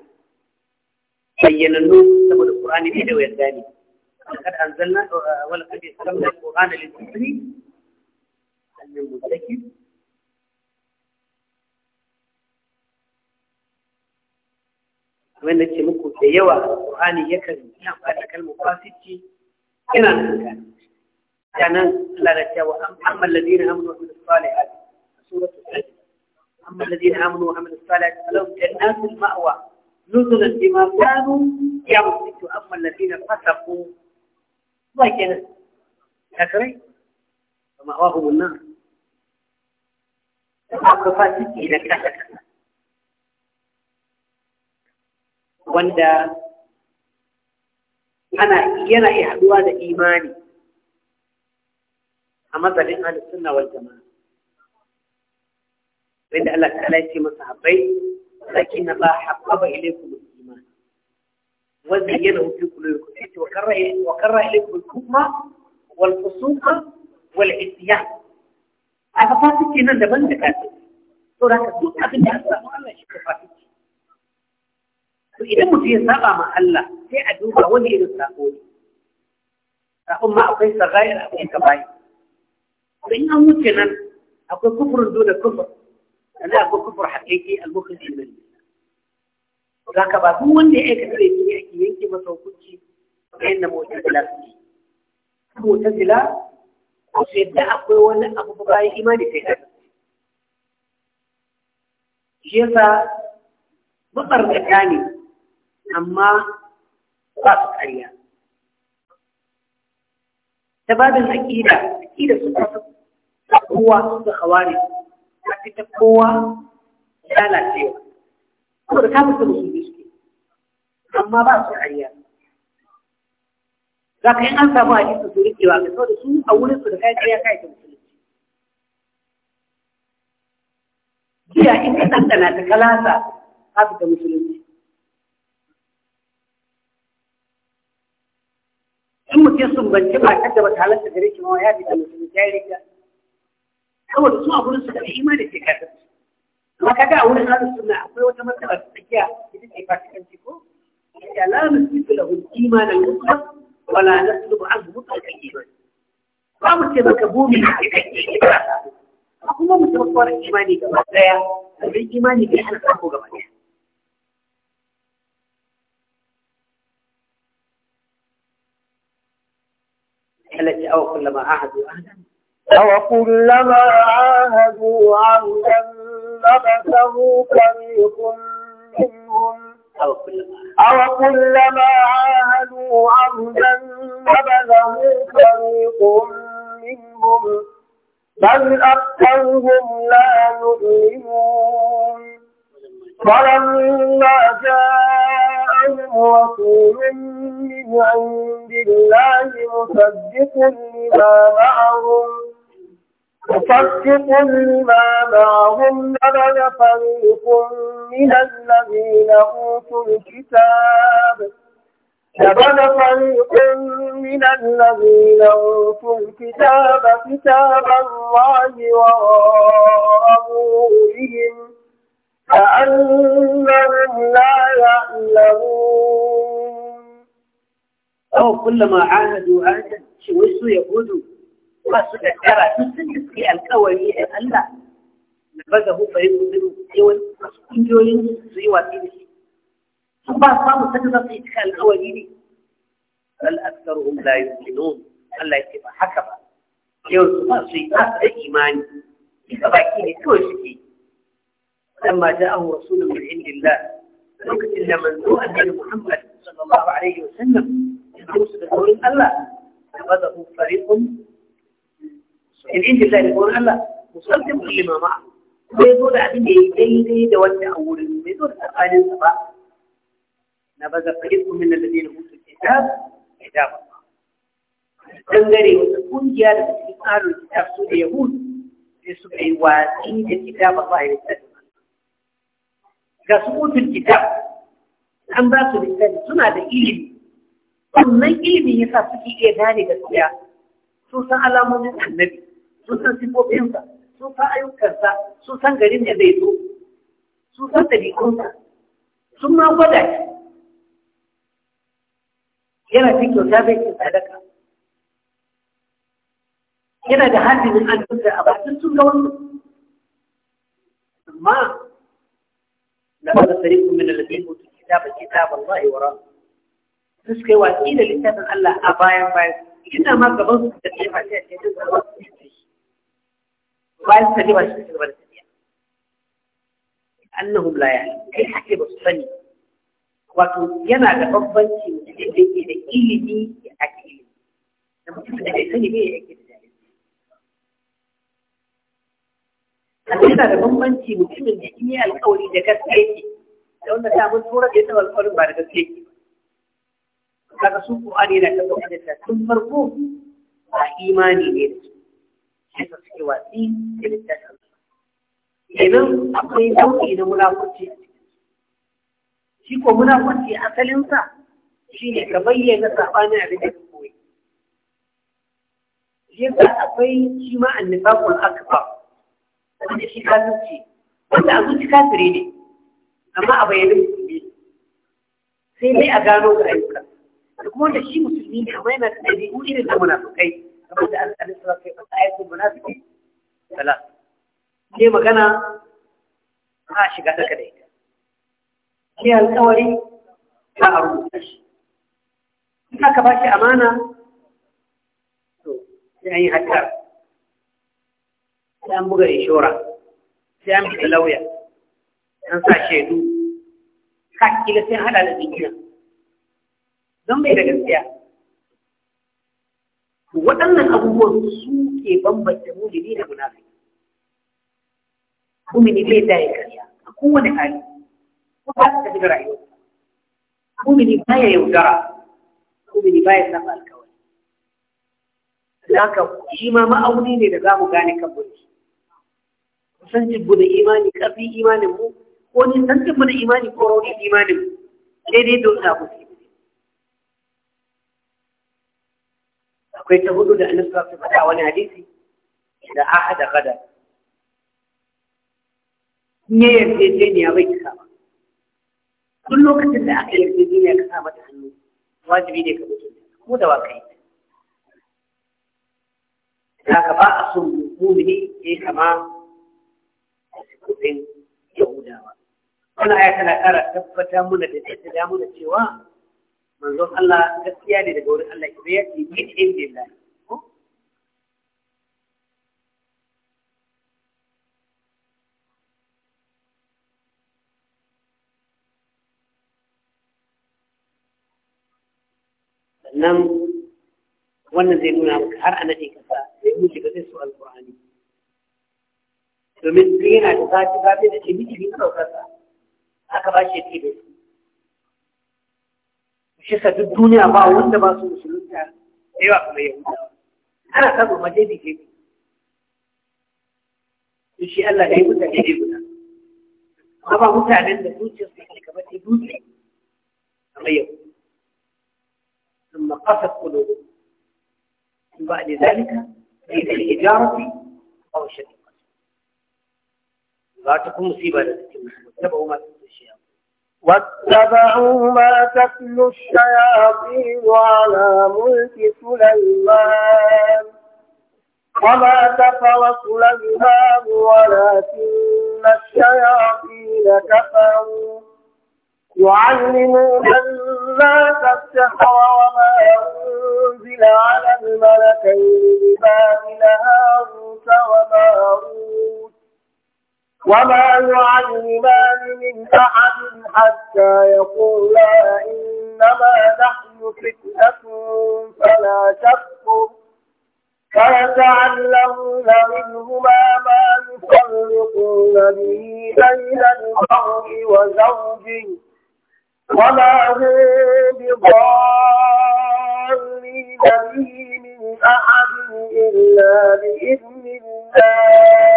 bayyanannu saboda Qur'ani ne da wayar gani kad anzalna wala kad yasamna al-Qur'ana lil-dhikri al-mudakkir wanda ce muku da yawa Qur'ani yakan yi amfani da kalmar fasici ina nan gani sanan Allah da cewa amma alladhina amanu wa amilus salihati suratul hajj amma alladhina amanu wa amilus salihati lahum jannatul ma'wa نزلا بما كانوا يعملون أما الذين فسقوا ما كان تكري فمأواهم النار فاسق إلى كذا wanda ana yana iya haduwa da imani a matsalin halittun na wal jama'a wanda Allah ta halaye masa haɓai لكن الله حبب إليكم الإيمان وزينه في قلوبكم وكره وكره إليكم الكفر والفسوق والعصيان هذا فاسد كنا دبن دكاتره to da ka duk abin da aka Allah shi idan mutum ya saba ma Allah sai a duba wani irin sako ne ma akwai sagair an wuce akwai kufurin ana akwai kufur haƙiƙi almukhlis min zaka ba duk wanda ya aikata da yake ake yanke masa hukunci kayan da mu'tazila suke mu'tazila ko sai da akwai wani abu yi imani kai da shi yasa mabarkata ne amma ba su ƙarya ta babin aƙida aƙida su ta kowa su da khawarij ta fi ta kowa lalacewa saboda ka fi amma ba su ariya za ka yi an samu a jisun su rikewa da su a wurin su da a kariya kayan musulunci? jiya in ka ɗanɗana ta kalasa ka fi ta musulunci in mutum sun banci ba ta gaba ta ya fi ta musulunci ya yi saboda su a wurin su daga imanin ke kafin amma kaga a wurin halin suna akwai wata matsala ta tsakiya ita ce fasikanci ko ya la nusibu lahu imanan mutlaq wala naslubu anhu mutlaq al-iman ba mu ce maka bumi a kake ba kuma mu ce maka wani imani gaba daya abin imani bai hana sako gaba daya التي أو كلما عاهدوا أهدا أوكلما عاهدوا عهدا نبذه فريق منهم أو كلما عاهدوا عهدا نبذه فريق منهم بل أكثرهم لا يؤمنون فلما جاءهم رسول من عند الله مصدق لما معهم مصدق لما معهم نبذ فريق من الذين أوتوا الكتاب نبذ فريق من الذين أوتوا الكتاب كتاب الله وراء ظهورهم كأنهم لا يعلمون أو كلما عاهدوا عهدا شويس يقولوا ba su da kara duk sun da alkawari da Allah da baga hu fari kudu sai wani masu kungiyoyin su yi watsi da su ba su samu sanda za cika alkawari ne bal aksaruhum la yu'minun Allah ya ce ba haka ba yau su ba su yi ba su da imani duka baki ne kawai suke lamma ja'ahu rasulun min indillah lokacin da manzo annabi Muhammad sallallahu alaihi wasallam ya musu da wurin Allah da baga hu fariqun in inda Allah ko Allah musallim lima ma sai zo da abin da yake daidai da wanda a wurin mai zo da tsakanin sa ba na baza fa'idkum min alladhina utul kitab kitab gare, wata kungiya da cikin tsarin kitab su da yahud sai suka yi watsi da kitab ba ya ga su utul kitab an ba su littafi suna da ilimi wannan ilimin yasa suke iya gane gaskiya sun san alamomin annabi sun san sifofinsa, sun san ayyukansa, sun san garin da bai zo, sun san dalikunsa, sun ma gwada shi. Yana fi kyauta bai ce sadaka. Yana da hadinin an tuka a bakin sun ga wani. Amma, na ba da sari kuma na lalbe mutu ta ba kita ba za a yi wara. Sun suka yi watsi da littafin Allah a bayan bayan. Ina ma gaban su da ke fashe a cikin bayan su sallama su ci gaba da tafiya annahum la ya kai ake ba su sani wato yana da bambanci mutum da yake da ilimi da ake ilimi da mutum da bai sani bai yake da jahilci sannan yana da bambanci mutumin da in yi alkawari da gaske yake da wanda ta mun tura da ya taɓa alkawarin ba da gaske yake kaga su ƙwari na kasa wanda ta sun farko ba imani ne da su shi suke watsi da littafin kenan akwai nau'i na munafurci a cikin shi ko munafurci asalinsa shi ne ka bayyana saɓanin abin da ka koyi shi yasa akwai shi ma annifaqul akbar wanda shi kafirci wanda a zuci kafiri ne amma a bayyana musulmi sai dai a gano ga ayyuka da kuma wanda shi musulmi ne amma yana da ɗabi'u irin da munafukai kamar da Allah ne sai kai fata aiko munafiki sala ke magana ba shiga daga da ita ke alƙawari ba a rubuta shi in aka ba shi amana to sai an yi hakkar sai an buga inshora sai an buga lauya an sa shaidu hakkila sai an hada da jikina don bai da gaskiya waɗannan abubuwan su ke bambanta mumini da munafiki mumini bai da kariya, a kowane hali ko ba ta daga rayuwa? mumini baya yaudara mumini baya saba alkawari haka shi ma ma'auni ne da za mu gane kan mu san cin da imani ƙarfi imanin mu ko ni san cin da imani ko rauni imanin mu daidai don sabu akwai ta hudu da annabi sallallahu alaihi wasallam wani hadisi da da gada ne ya bai ka ba duk lokacin da aka yi ne ka sa mata hannu wajibi ne ka mutu ko da wa kai haka ba a son mumini ya yi kama a cikin yahudawa wannan aya tana kara tabbata muna da jaddada muna cewa manzon Allah gaskiya ne daga wurin Allah kuma ya ce min indillah sannan wannan zai nuna maka har a nade kasa zai wuce ga zai su alƙur'ani domin duk yana da zafi zafi da ce miki ne ɗaukar sa aka ba shi ya ce da su. shi sa duk duniya ba wanda ba su musulunta da yawa kamar yahudawa ana samun majebi ke ne shi Allah ya yi mutane ne guda amma ba mutanen da zuciyarsu ke kamar ta dutse kamar yau ثم قست قلوبهم من بعد ذلك هي الحجارة أو الشديد za ta kuma musiba da cikin musulmi na ba واتبعوا ما تتلو الشياطين على ملك سليمان وما كفر سليمان ولكن الشياطين كفروا يعلمون الناس السحر وما أنزل على الملكين بباب هاروت وماروت وما يعلمان من أحد حتى يقولا إنما نحن فتنة فلا تكفر فيتعلمون منهما ما يفرقون به بين المرء وزوجه وما هم بضالين به من أحد إلا بإذن الله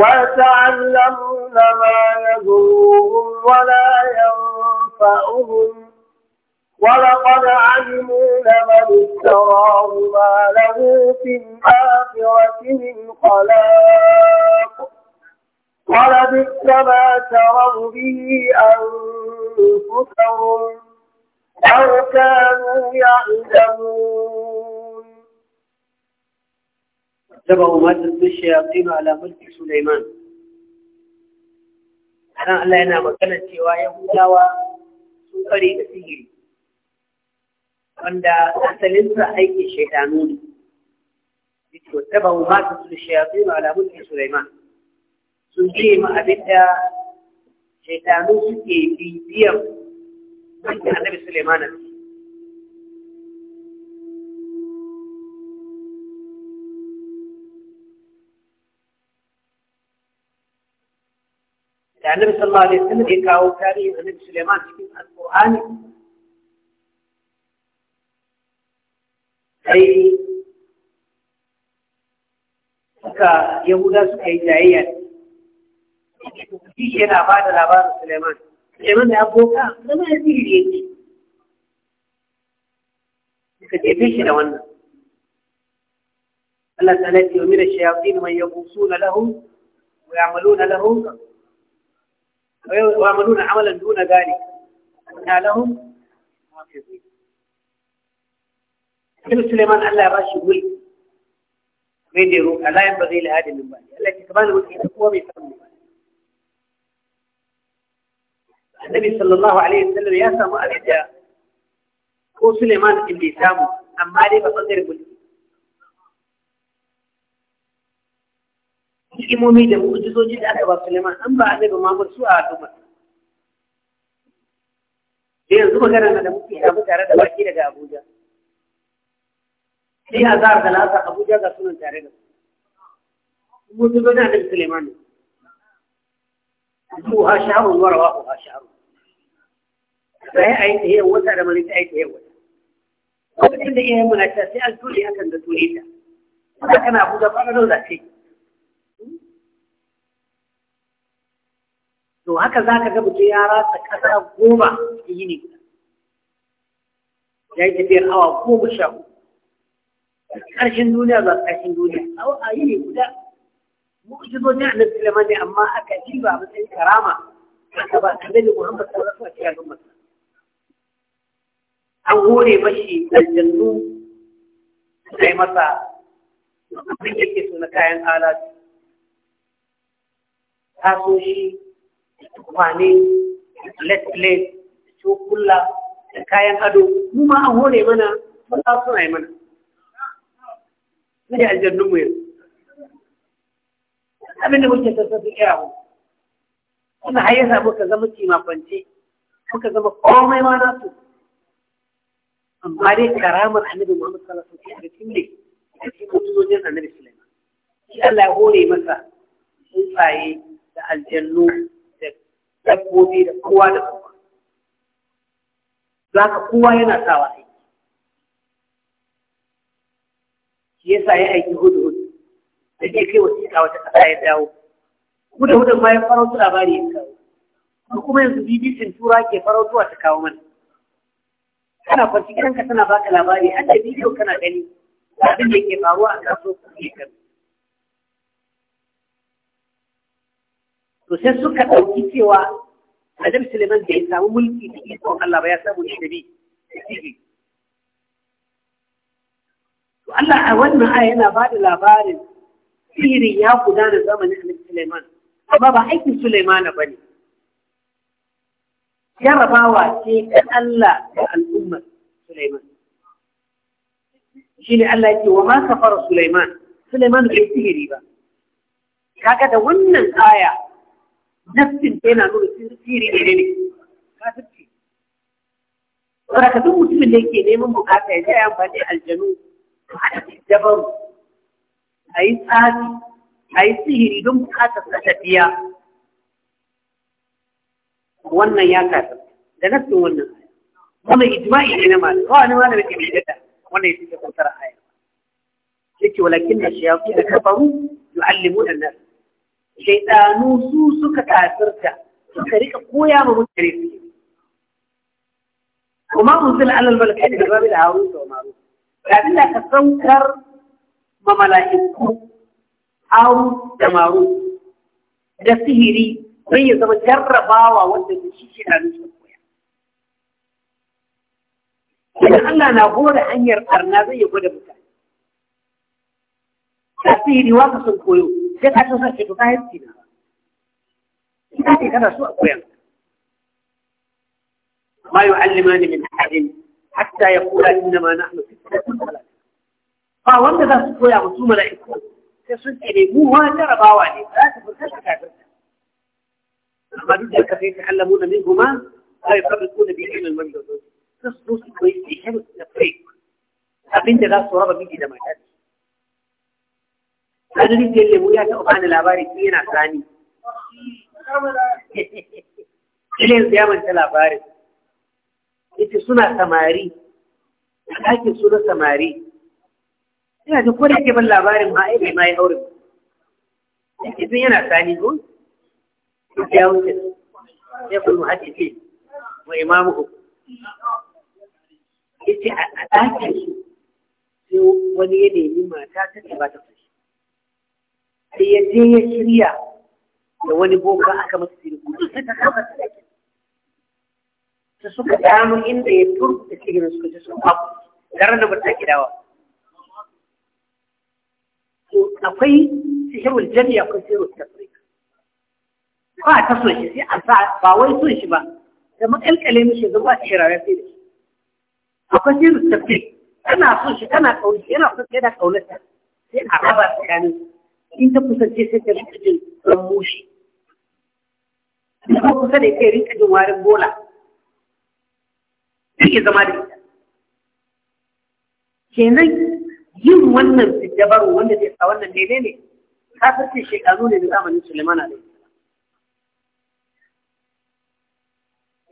ويتعلمون ما يضرهم ولا ينفعهم ولقد علموا لمن اشتراه ما له في الآخرة من خلاق ولبئس ما شروا به أنفسهم أو كانوا يعلمون واتبعوا ما تتلو الشياطين على ملك سليمان أنا الله أنا مكانا سوى يهودا وسوكري كثير wanda asalinsa aikin shaidanu ne yake wattaba ma ta su shayatin ala mulki Sulaiman sun ce ma abinda shaitanu suke bibiyan mulkin Annabi Sulaiman النبي صلى الله عليه وسلم يكاو كاري النبي سليمان في القرآن أي كا يهودا سكي جايا في شيء نبات نبات سليمان سليمان يا أبو كا لما يزيد يزيد كده في شيء لو الله تعالى يمير الشياطين من يبوسون لهم ويعملون لهم ويعملون عملا دون ذلك أن لهم حافظين كل سليمان الله راشي يقول ما يديروا لا ينبغي لهذه من بعد ألا كمان يقول هو بيفهم النبي صلى الله عليه وسلم يا سامو أبدا هو سليمان اللي سامو أما لي بصدر يقول ni'imomi da mu'jizoji da aka ba Suleiman an ba annabi Muhammad su a al'umma da yanzu magana na da muke yamu tare da baki daga Abuja sai azhar da lasa Abuja ga sunan tare da su mu'jizoji da annabi Suleiman su ha sha'arun warawa ha sha'arun sai ai ta yi wata da mani ai ta yi wata lokacin da iyayen mu na ta sai an tuli hakan da tuli ta haka na Abuja fara da zafi to haka za ka ga mutum ya rasa ƙasa goma a yini guda ya yi tafiyar awa goma sha uku ƙarshen duniya za su ƙarshen duniya awa a yini guda mu'ujizojin annabi sulaiman ne amma aka diba matsayin karama haka ba annabi muhammad sallallahu alaihi wasallam ya masa an hore mashi aljannu sai masa abin da ke so na kayan alatu tasoshi kwane plate cokula da kayan ado mu ma an hore mana mun ta suna yi mana ne aljannun mu yanzu abinda muke sassa kira mu kuma har yasa muka zama cimafanci muka zama komai ma nasu amma dai karamar annabi Muhammad sallallahu alaihi wasallam da tinne cikin shi mutuzojin annabi Sulaiman shi Allah ya hore masa tsuntsaye da aljannu dabbobi da kowa da kowa za ka kowa yana sawa aiki shi yasa ya aiki hudu hudu da ke kai wasiƙa wata ƙasa ya dawo hudu hudun ma ya su labari ya kawo Kuma kuma yanzu bbc tura ke zuwa ta kawo mana kana kwanci kanka tana baka labari har da bidiyo kana gani abin da ke faruwa a kasuwa ke kan to sai suka ɗauki cewa Adam Suleiman bai samu mulki da ikon Allah ba ya samu shi nabi to Allah a wannan aya yana ba da labarin sirrin ya gudana zamanin Adam Suleiman amma ba aikin Suleiman ba ne jarabawa ce ta Allah da al'ummar Suleiman shi ne Allah yake wa ma kafara Suleiman Suleiman bai sihiri ba kaga da wannan aya نفسين كنا نقول سيرين ليني كاتبتي وركضوا مسلم ليك نيم مكاتب جاء بني الجنود جبر أي سال أي سهر يدوم كاتب كاتبيا وانا يا كاتب دنست وانا وانا إجماعي هنا ما آه، وانا ما نبي تبي جدا وانا يسوي كم ترى هاي ولكن الشياطين كفروا يعلمون الناس shaidanu su suka kasarta, suka rika koya ma mutane su kuma unzila alal malaka da rabi da harun da maru kafin da ka saukar ma mala'iku haru da maru da sihiri don ya zama jarrabawa wanda da shi shi na nufin koya idan Allah na gode hanyar arna zai ya gwada mutane da sihiri waka sun koyo ما يعلمان من أحد حتى يقول إنما نحن في ولا فهم ذا يا مسلم لا يقول تسنتني مو هذا رباواني لا تفرش كذا ما بدي يتعلمون منهما لا يفرقون بين المنجزات تصدق ويستحب نفيق أبين ذا صورة بيجي دمائك kaga da lemu ya taɓa bani labari shi yana sani Ilin ya manta labarin. Ita suna samari, a ɗakin suna samari. Ina da kodin ke ban labarin ma aiki ma ya haurin. Ake sun yana sani ko? Ita ya wuce, ya kuma haɗe ce, wa imamu ku. Ita a ɗakin su, sai wani ya nemi mata ta ce ba ta fushi. sai ya je ya shirya da wani boka aka masu sihiri kudu sai ta kama ta dake su suka damu inda ya turkuta sihirin suka ce sun kwaku garin da bata ta dawa to akwai sihirul jami akwai sihirul tafri ba ta so shi sai a sa ba wai so shi ba da makalkale mishi zuba ba sai da shi akwai sihirul tafri tana so shi tana kauna yana son sai da kaunarsa sai a raba tsakanin in ta kusance sai ta rika jin ɗan mushi ta kusa da ita rika jin warin bola take zama da ita yin wannan fitabaru wanda zai sa wannan daidai ne kafirce shekaru ne da zamanin Suleiman alaihi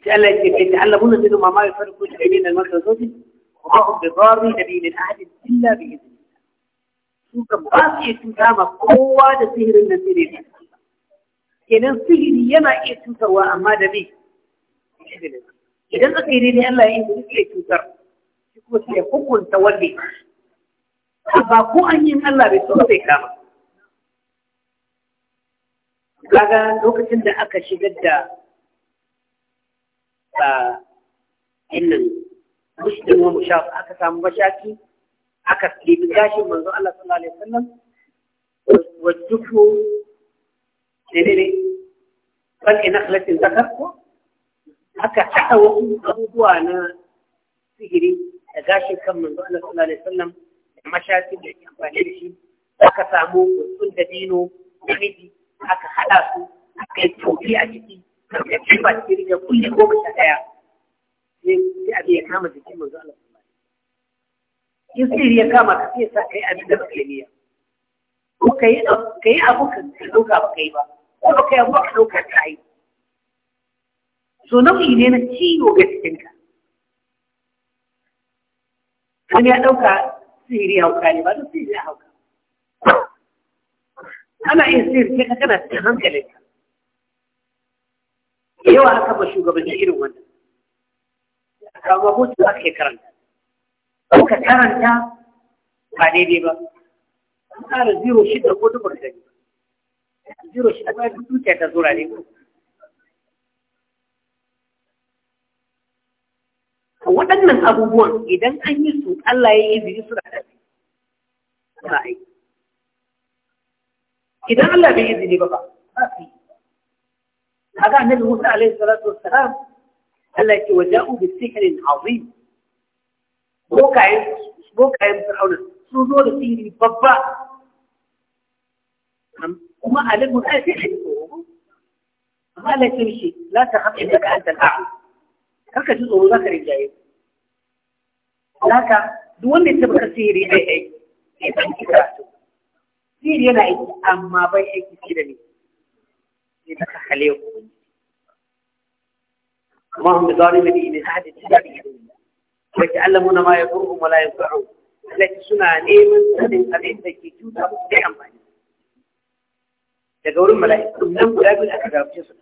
sai Allah ya ce ta'allamuna minhu ma ma yafarqu bainal mar'i wa zawji wa ma hum bi dharrin min ahadin illa bi idhnihi suka ba su iya tuka ma kowa da sihirin da sihiri ne kenan sihiri yana iya tukarwa amma da me idan aka yi daidai Allah ya yi da ya tutar shi kuma sai hukunta wanda ba ko an yi Allah bai so bai kama kaga lokacin da aka shigar da ah, innan muslim wa mushaf aka samu mashaki aka ɗibi gashin manzon Allah sallallahu alaihi wasallam wa dufu ne ne bal inakhlatin zakar ko aka haɗa abubuwa na sihiri da gashin kan manzon Allah sallallahu alaihi wasallam da mashashi da ke amfani da shi aka samu wasun da dino namiji aka haɗa su aka yi tofi a ciki da kifa cikin da kulle ko kasa ɗaya sai abin ya kama jikin manzon Allah in sihiri ya kama ka sai sa kai abin da baka yi niyya ko kai kai abu ka dauka ba kai ba ko kai abu ka dauka ka yi so nau'i ne na ciwo ga cikinka wani ya dauka sihiri hauka ne ba don sihiri ya hauka ana iya sihiri sai ka kana cikin hankalinka yawa aka ba shugabanni irin wannan a kawo mutu aka yi karanta ko ka karanta ba daidai ba an tsara zero shida ko dubar gari zero shida ba duk dukiya ta zura ne waɗannan abubuwan idan an yi su Allah ya yi izini suna da suna aiki idan Allah bai izini ba ba ba su yi haka annabi Musa alaihi salatu wassalam Allah ya ce wa ja'u bi sihrin azim bokayen bokayen fir'auna sun zo da babba kuma alimun ai sai ai amma Allah ya ce la ta hafi da ka anta al'a karka ji tsoro zaka rinjaye haka duk wanda ya baka sihiri ai ai sai ban ki yana aiki amma bai aiki sai da ni ne ta ka halewa kuma hum ni hadi da ويتعلمون ما يضرهم ولا ينفعهم التي suna neman sanin abin da ke cuta musu da amfani daga wurin mala'ikun nan guda biyu aka gabace su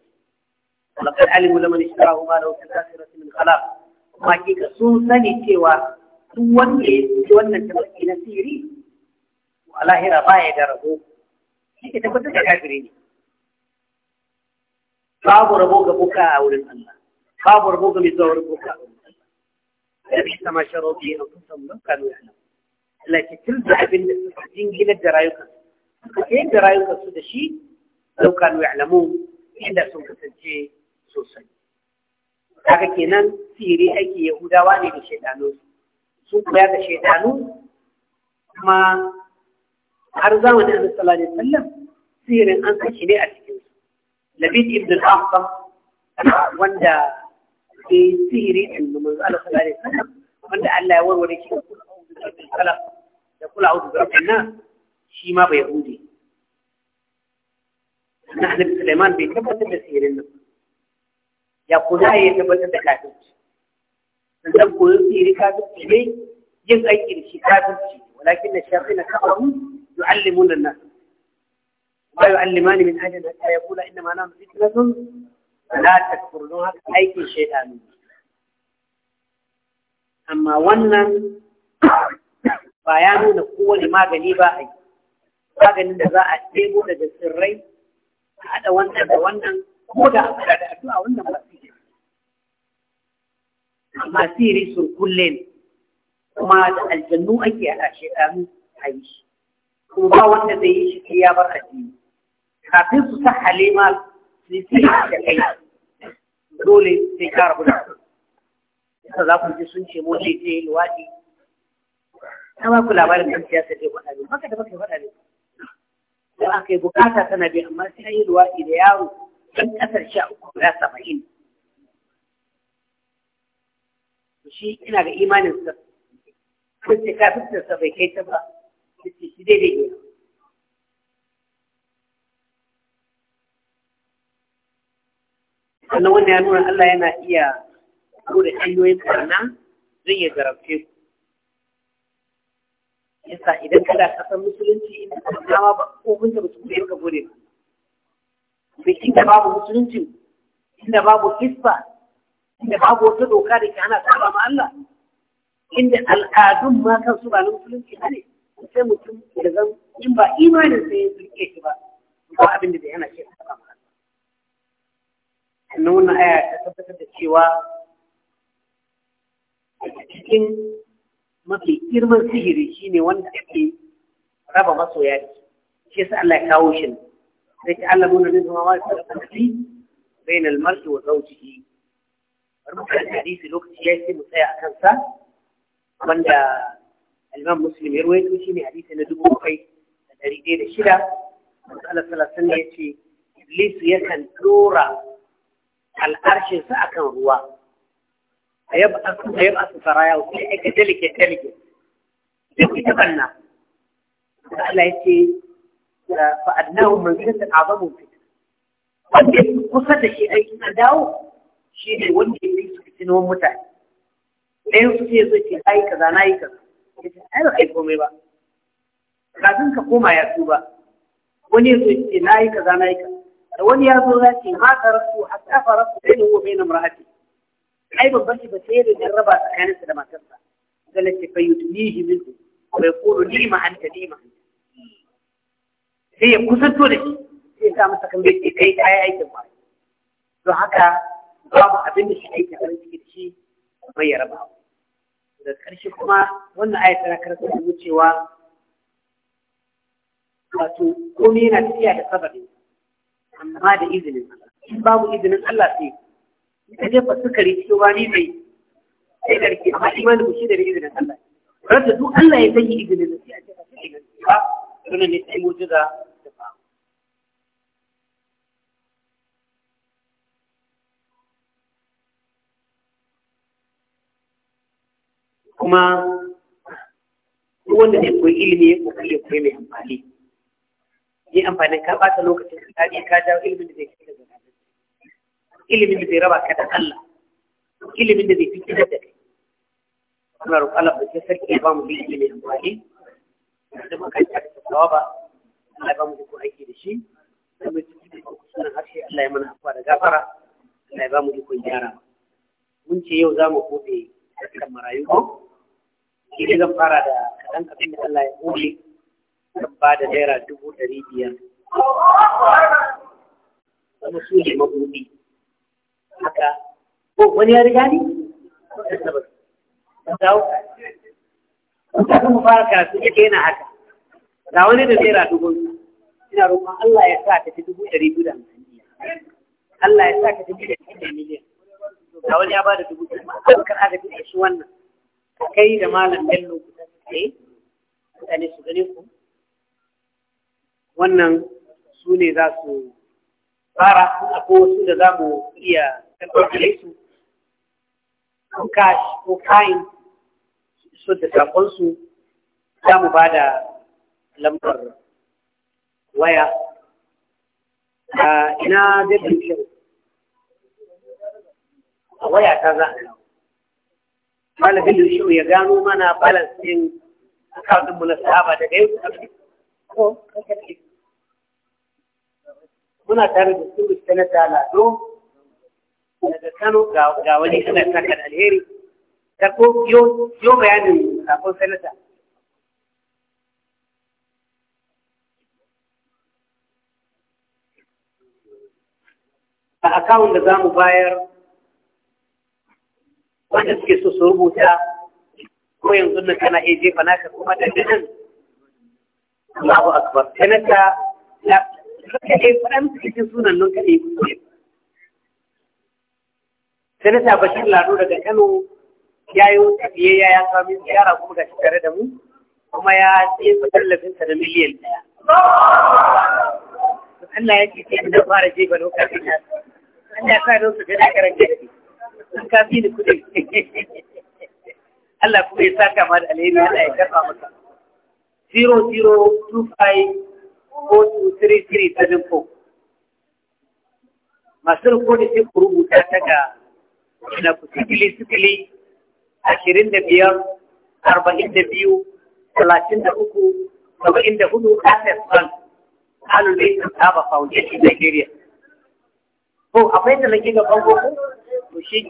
walaqad alimu laman ishtarahu ma lahu fil akhirati min khalaq kuma kika sun sani cewa duk wanda ya wannan tabbaki na sirri a lahira baya da rabo shi ke tabbatar da kafiri ne babu rabo ga buka a wurin Allah babu rabo ga mai zuwa wurin buka a wurin لبئس ما شروا به انفسهم لو كانوا يعلمون التي تلزع بالمستحقين الى الدرايوكس كثير درايوكس هذا شيء لو كانوا يعلمون الا سن kasance sosai haka kenan sihiri aiki yahudawa ne da shaidanu sun koya da shaidanu kuma har zamanin annabi sallallahu alaihi wasallam sihirin an kashe ne a cikin su labid ibn al wanda da eh, sihiri din da manzo Allah sallallahu alaihi wasallam wanda Allah ya warware shi da kula a'udhu bi rabbil falaq da kula a'udhu bi rabbin nas shi ma bai hude na annabi Sulaiman bai tabbatar da sihirin nan ya kuma ya tabbatar da kafirci sannan koyon sihiri kafirci ne yin aiki da shi kafirci walakin na shafi na kafaru yu'allimuna an-nas wa yu'allimani min ajli an yaqula inna ma nahnu fitnatun la takfur don haka aikin shaidanu amma wannan ba ya nuna kowane magani ba a maganin da za a tebo daga tsirrai a haɗa wannan da wannan ko da a da addu'a wannan ba sihiri amma sihiri sun kulle kuma da aljannu ake haɗa shaidanu a yi shi kuma ba wanda zai yi shi sai ya bar addini kafin su sa halima sai sai da kai dole sai ka rabu da za ku ji sun ce mu ne luwaɗi na ba ku labarin ɗan siyasa dai faɗa ne maka da maka faɗa ne da aka yi bukata tana bi amma sai yi luwaɗi da yaro ɗan ƙasar sha uku guda saba'in shi ina ga imanin sa kun ce kafin sa bai kai ta ba shi daidai ne sannan wanda ya nuna Allah yana iya ko da hanyoyin karna zai iya zarafce ku yasa idan kada kasar musulunci inda ka dama ba ko mun ta mutum da ka gode ba inda babu musulunci inda babu hisba inda babu wata doka da ke ana saba ma Allah inda al'adun ma kansu ba na musulunci ba ne sai mutum da zan in ba imanin sai ya zurke shi ba ba abin da bai hana shi ma sannan wannan aya ta tabbatar da cewa cikin mafi girman sihiri shine wanda ake raba masoya da shi yasa Allah ya kawo shi sai ta Allah mun rinda ma wani sarrafi bain al-mar'i wa zawjihi rubuta hadisi lokaci ya ce mu tsaya akan sa wanda al-Imam Muslim ya rawaito shine hadisi na dubu bakwai da ɗari ɗaya da shida Allah sallallahu alaihi wasallam ya ce Iblis yakan dora al'arshinsa a kan ruwa a yaba asu saraya sai aika dalike dalike da ku ta banna da Allah ya ce fa'adnahu man kasa azamun fita wanda kusa da shi aiki na dawo shi ne wanda ya yi su fitinuwan mutane ɗayan su ce zai ce ai kaza na yi kaza ya ce ai ba kai komai ba kafin ka koma ya tuba wani ya zo ya ce na yi kaza na yi kaza wani ya zo za ce ma karasu hatta farasu bai nuhu na namrahati ai babban shi ba sai da jarraba tsakaninsa da matarsa zala ce ni yudnihi minhu bai ni kulu lima anta lima sai ya kusanto da shi sai ya sa masa kan bai kai kai aikin ba To haka babu abin da shi aikin farin ciki da shi bai ya raba da ƙarshe kuma wannan ayat tana karkar da wucewa wato komai yana tafiya da sabari amma da izinin Allah in babu izinin Allah sai ka jefa sukari cikin wani mai sai garki amma imani ku shi da izinin Allah rasa duk Allah ya sanya izinin sai a jefa sukari ba sunan ne sai mu'jiza da fa kuma wanda ne koyi ilimi ya koyi mai amfani yi amfani ka ɓata lokacin ka tare ka jawo ilimin da zai fitar da kai ilimin da zai raba ka da Allah ilimin da zai fitar da kai Allah roƙa Allah bai sarki ya ba mu bin ilimin amfani da ta da ba Allah ba mu duk aiki da shi da mu cikin sunan harshe Allah ya mana afuwa da gafara Allah ya ba mu ko gyara mun ce yau za mu kofe kan marayu ko zan fara da kaɗan abin da Allah ya buɗe ba da naira dubu ɗari biyar Wani su ne mabuɗi haka ko wani ya riga ni dawo kafin mu fara karatu ya yana haka ga wani da naira dubu ina roƙon Allah ya sa ka ci dubu ɗari biyu da Allah ya sa ka ci dubu ɗari da miliyan ga wani ya ba da dubu ɗari abokar aka fi shi wannan kai da malam bello ku ta kai? Eh? mutane su gane ku wannan su ne za su fara ko wasu da za mu iya tabbata su ko kashi ko kayan su da sakonsu za mu ba da lambar waya ina zai bin a waya ta za a dawo malabin ya gano mana balance din akawun mu na sahaba daga yau oh, ko kake muna tare da su sanata lado daga kano ga wani ana saka da alheri ko yo bayanin sakon sanata a akawun da za mu bayar wanda suke so su rubuta ko yanzu nan kana iya jefa naka kuma da nan Allahu akbar sanata kaɗai faɗa musu cikin sunan nan kaɗai kuskure. Sanata Bashir Lado daga Kano ya yi wata biyayya ya sami ziyara kuma ga shi tare da mu kuma ya tsefa sa da miliyan ɗaya. Allah ya ce sai da fara je ba lokacin nan. An ya sa don su gana karanta da shi. kafi ni kuɗi. Allah kuma ya saka ma da alheri Allah ya karfa maka. 0025 423374 masu rikodin sai ku rubuta ta ga na ku sikili sikili ashirin da biyar arba'in da biyu talatin da uku saba'in da hudu access bank halulai sun saba foundation nigeria ko akwai da lagi gaban gobe to shi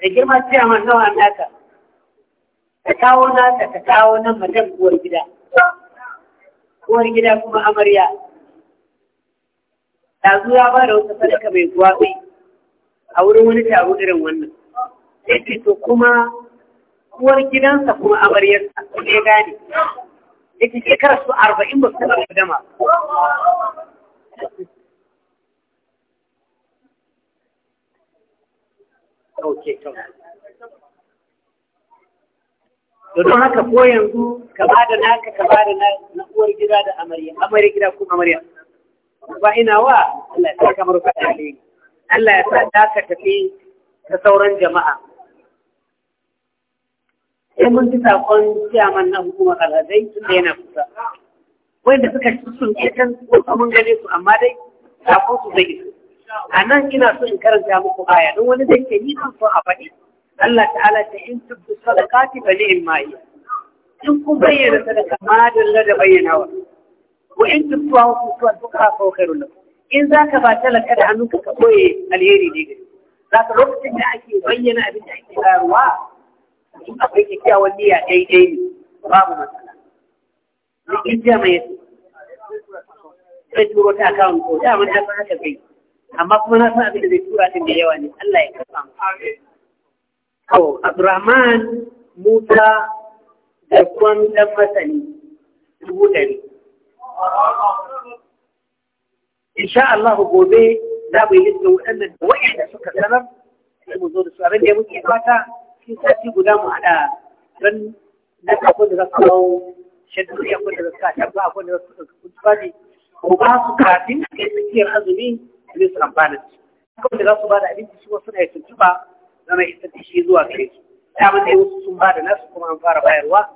da girma ce a nawa naka ka kawo naka ka kawo nan madan buwar gida uwar gida kuma amarya ɗazu ya ba da wata sadaka mai gwaɓi a wurin wani taro irin wannan yake to kuma uwar gidansa kuma amaryarsa ta ya gane yake shekarar su arba'in ba su taɓa gama Okay, come on. da don haka ko yanzu ka ba da naka ka ba da na uwar gida da amarya amarya gida ko amarya ba ina wa Allah ya sa kamar ka dale Allah ya sa da ka tafi ta sauran jama'a sai mun ji sakon ciyaman na hukumar alhazai tun da yana kusa wanda suka ci sun ke kan kuma mun gane su amma dai sakon su zai iso a nan ina so in karanta muku aya don wani zai ke yi kan so a faɗi Allah ta'ala ta in tubdu sadaqati fa ni'im ma in kun bayyana sadaka ma da da bayyanawa wa in tubtuha wa tutuha duka fa khairul lakum in zaka ba talaka da hannunka ka koye alheri ne gari zaka lokacin da ake bayyana abin da ake bayarwa in akwai kyakkyawan niyya daidai ne babu matsala in jiya mai yasa zai turo ta akawun ko da mun haka zai amma kuma na san abin da zai tura din da yawa ne Allah ya kafa mu to Abrahman musa da kwan dan masani dubu ɗari insha Allah gobe za mu yi listin waɗannan da waɗanda suka sanar sai mu zo da su abin da muke fata shi sati guda mu haɗa ran na kafin da za su kawo shaddu ya kun da za su kawo tabba akwai da za su kawo tabba ko ba su kafin da kai tsakiyar azumi ne su amfana su. da za su ba da abinci su wasu na yi tuntuɓa zama isar da shi zuwa gare su ta matsayi wasu sun ba da nasu kuma an fara bayarwa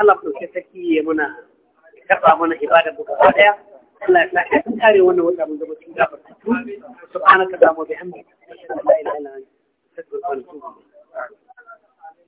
Allah ku ɗauke saki ya muna karɓa mana ibadar mu gaba ɗaya Allah ya sa ka kare wannan wata mun zama cikin gafar su subhanaka allahumma bihamdika ashhadu an la ilaha illa anta astaghfiruka wa atubu ilayk